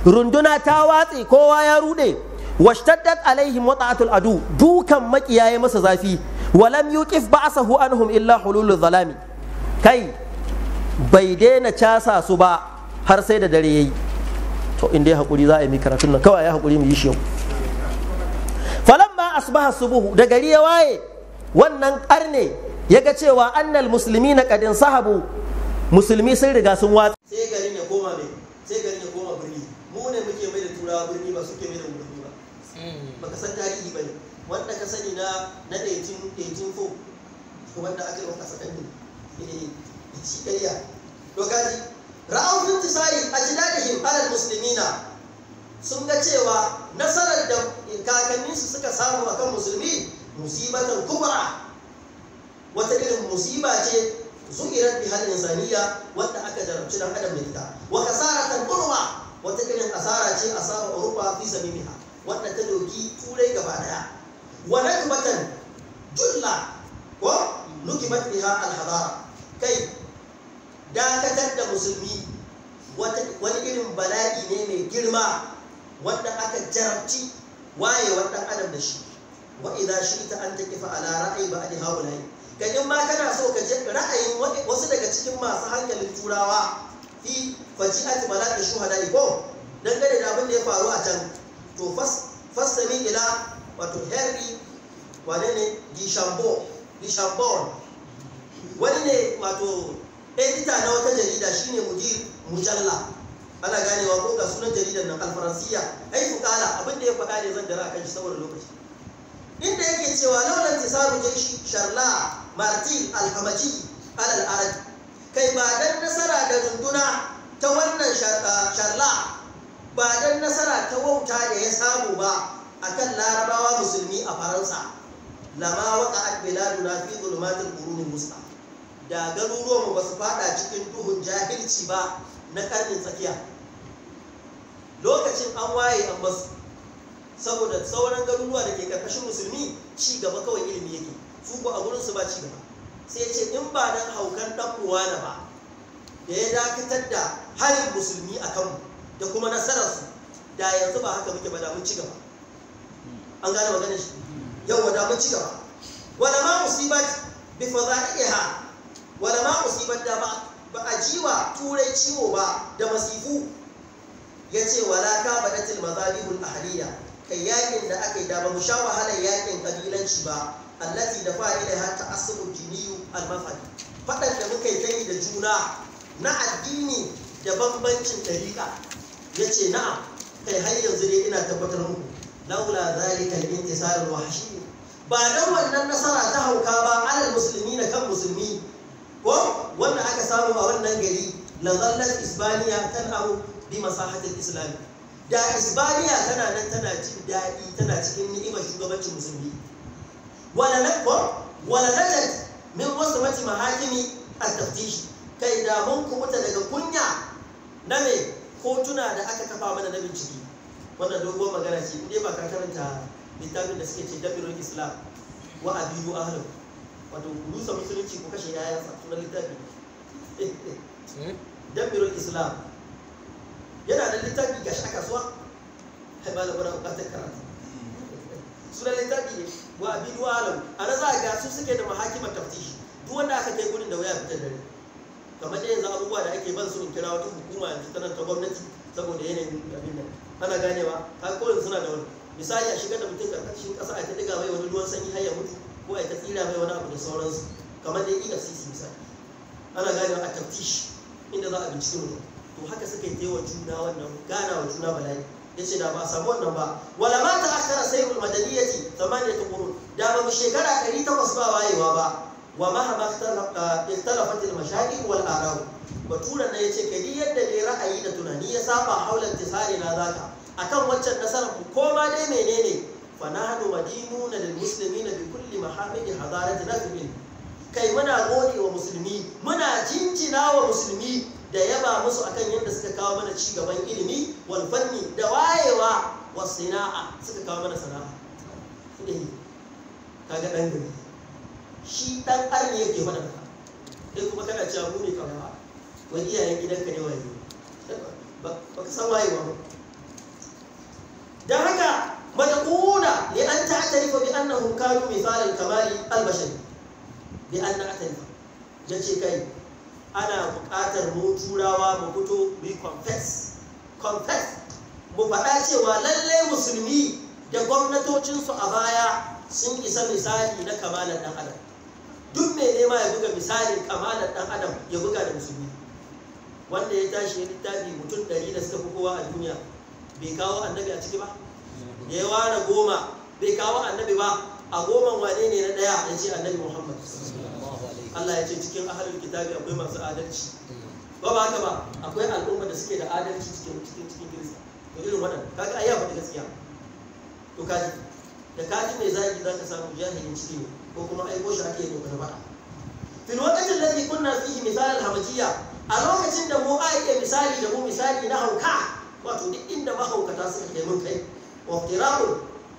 runduna ta watse kowa ya rude washtaddat alaihim wata'atul adu dukan makiyaye masa zafi walam yuqif ba'sahu anhum illa hululul zalami kai bai daina casa su ba har sai da dare yayi to in dai hakuri za a yi mi karatun nan kawai ya hakuri mu yi shi yau falamma asbaha subuhu da gari ya waye wannan karne ya ga cewa annal muslimina qad sahabu musulmi sun riga sun watsa sai gari ne koma mai sai gari ne koma birni mu ne muke mai da turawa birni ba suke mai da birni ba hmm. baka san tarihi ba ne wanda ka sani na na 1884 wanda aka yi wa kasa kan ne ci ƙarya to gaji ra'awun intisari a jidadihim alal muslimina sun ga cewa nasarar da kakannin su suka samu akan musulmi musibatan kubra wata irin musiba ce zugirar bihal insaniya wanda aka jarabci dan adam da ita wa kasaratan urwa wata irin asara ce asara urwa fi sabiliha wanda ta doki turai gaba daya wa nakbatan julla ko nukibat biha alhadara kai dakatar da musulmi wani irin bala'i ne mai girma wanda aka jarabci wayewar dan adam da shi wa idza shi ta an taqifa ala ra'ayi ba'd haula'i ka in ma kana so ka je ra'ayin wasu daga cikin masu hankalin turawa fi shu hada shuhada don dangane da abin da ya faru a can to fassami ila wato harry wane ne wani ne wato edita na wata jarida shine mujir mujalla ana ganewa ko ga sunan jaridar nan alfaransiya ai kala abin da ya faɗa ne zan dara kan shi saboda lokaci inda yake cewa laulan tisaru jaishi sharla martin alhamaji alal arad kai ba dan nasara da runduna ta wannan ah, sharla ba dan nasara ta wauta da ya samu ba akan larabawa musulmi a faransa lama waka adbiladu na fi zulmatul qurun musta da garuruwan ba su fada cikin duhun jahilci ba na karnin tsakiya lokacin an waye an basu saboda sauran garuruwa da ke karkashin musulmi ci gaba kawai ilimi yake su ko a gurinsu ba ci gaba sai ya ce in ba dan haukan dan uwana ba da ya dakatar da halin musulmi a kanmu da kuma nasararsu da yanzu ba haka muke ba da mun ci gaba an gane maganar shi yau da mun ci gaba wala ma musibat bi fadaiha wala ma musibat da ba ba a jiwa turai ciwo ba da masifu ya ce wala ka badatil mazalihul ahliya kai yakin da aka yi da ba mu sha wahalar yakin kabilanci ba allati da ta ta'assubu diniyu al-mafadi fadan da muka yi tani da juna na addini da bambancin dariqa yace na'am kai har yanzu dai ina tabbatar muku laula zalika al-intisar al-wahshi ba dan wannan nasara ta hauka ba alal musulmi na kan musulmi ko wanda aka samu a wannan gari la zallat isbaniya tan'amu bi masahatil islam da isbaniya tana nan tana jin daɗi tana cikin ni'imar shugabancin musulmi wala nakwa wala najat min wasamati mahakimi at-taftish kai da mun ku kubuta daga kunya na me Ko tuna da aka kafa mana na bincike wannan dogon magana ce in dai ba ka karanta littafin da suke ce damirul islam wa abidu ahlu wato ku rusa musulunci ku kashe yaya sa sunan littafi damirul islam yana da littafi gashi a kasuwa kai ba da wani bukatar karatu sunan littafi ne wa abin wa alam za ga su suke da mahakimar taftishi duk wanda aka kai gurin da waya fitar dare kamar da yanzu abubuwa da ake ban su in kira wata hukuma yanzu ta ta gwamnati saboda yanayin abin nan ana ganewa har kowane suna da wani misali a shiga da mutum karkashin ƙasa a ta diga mai wani ruwan sanyi har ya mutu ko a ta tsira mai wani abu da sauransu kamar da sisi misali ana ganewa a taftishi inda za a bincike mutum to haka suka yi wa juna wannan gana wa juna bala'i yace da ba samu wannan ba wala ma ta akhara sayyul madaniyati thamaniyat qurun da ba mu shekara 800 ba wayewa ba wa ma ma ikhtalafat al mashahid wal Bature baturan ne yace kadi yadda ne ra'ayi da tunani ya saba haulan tisari na zaka akan waccan nasarar ku ko ma dai menene fa nahnu madinuna lil muslimina bi kulli mahamidi hadaratina fil kai muna gode wa musulmi muna jinjina wa musulmi da yaba musu akan yadda suka kawo mana ci gaban ilimi wal fanni da wayewa wa sana'a suka kawo mana sana'a kaga dan gari shi dan arni yake mana ka kai kuma kana cewa mu ne kawai wai iyayen gidanka ne waye ba ka san wayewa ba dan haka madquna ne an ta'tarifa bi annahum kanu mithalan kamali al-bashari bi an atani ya ce kai ana buƙatar mu turawa mu fito mu confess confess mu faɗa cewa lallai musulmi da gwamnatocinsu a baya sun isa misali na kamalar ɗan adam duk mai nema ya buga misalin kamalar ɗan adam ya buga da musulmi wanda ya tashi ya littafi mutum ɗari da suka fi kowa a duniya bai kawo annabi a ciki ba ya ware goma bai kawo annabi ba a goman wane ne na ɗaya ya ce annabi muhammad Allah ya ce cikin ahalin kitabi akwai masu adalci ba ba haka ba akwai al'umma da suke da adalci cikin cikin cikin kirista to irin wannan kaga ai ya faɗi gaskiya to kaji da kaji mai zagi zaka samu jahilin ciki ne ko kuma aiko shi ake yin ba fil waqtin ladhi kunna fihi misal al-hamajiyya a lokacin da mu aike misali da mu misali na hauka wato duk inda mahaukata suka kai mun kai wa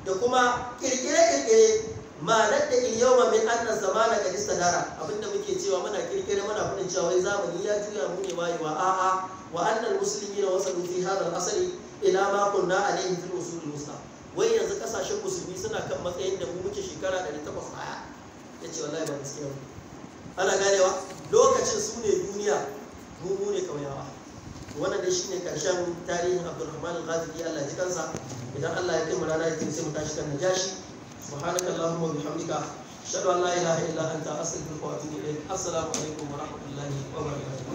da kuma kirkire-kirkire ma'anar da in yau min annan zamana ga Dara, abinda muke cewa muna kirkira muna fadin cewa wai zamani ya juya mu ne wayewa a'a wa Musulmi muslimin wasalu fi hadha al-asri ila ma kunna alayhi fil usul al-wusta wai yanzu kasashen musulmi suna kan matsayin da mu muke shekara 800 baya yace wallahi ba gaskiya ba ana ganewa lokacin su ne duniya mu mu ne kauyawa wannan dai shine karshen tarihin Abdulrahman al-Ghazali Allah ya ji kansa idan Allah ya kai mu rana ya sai mu tashi kan najashi subhanaka allahumma bihamdika ashhadu an la ilaha illa anta astaghfiruka wa atubu ilayk assalamu alaikum wa rahmatullahi wa barakatuh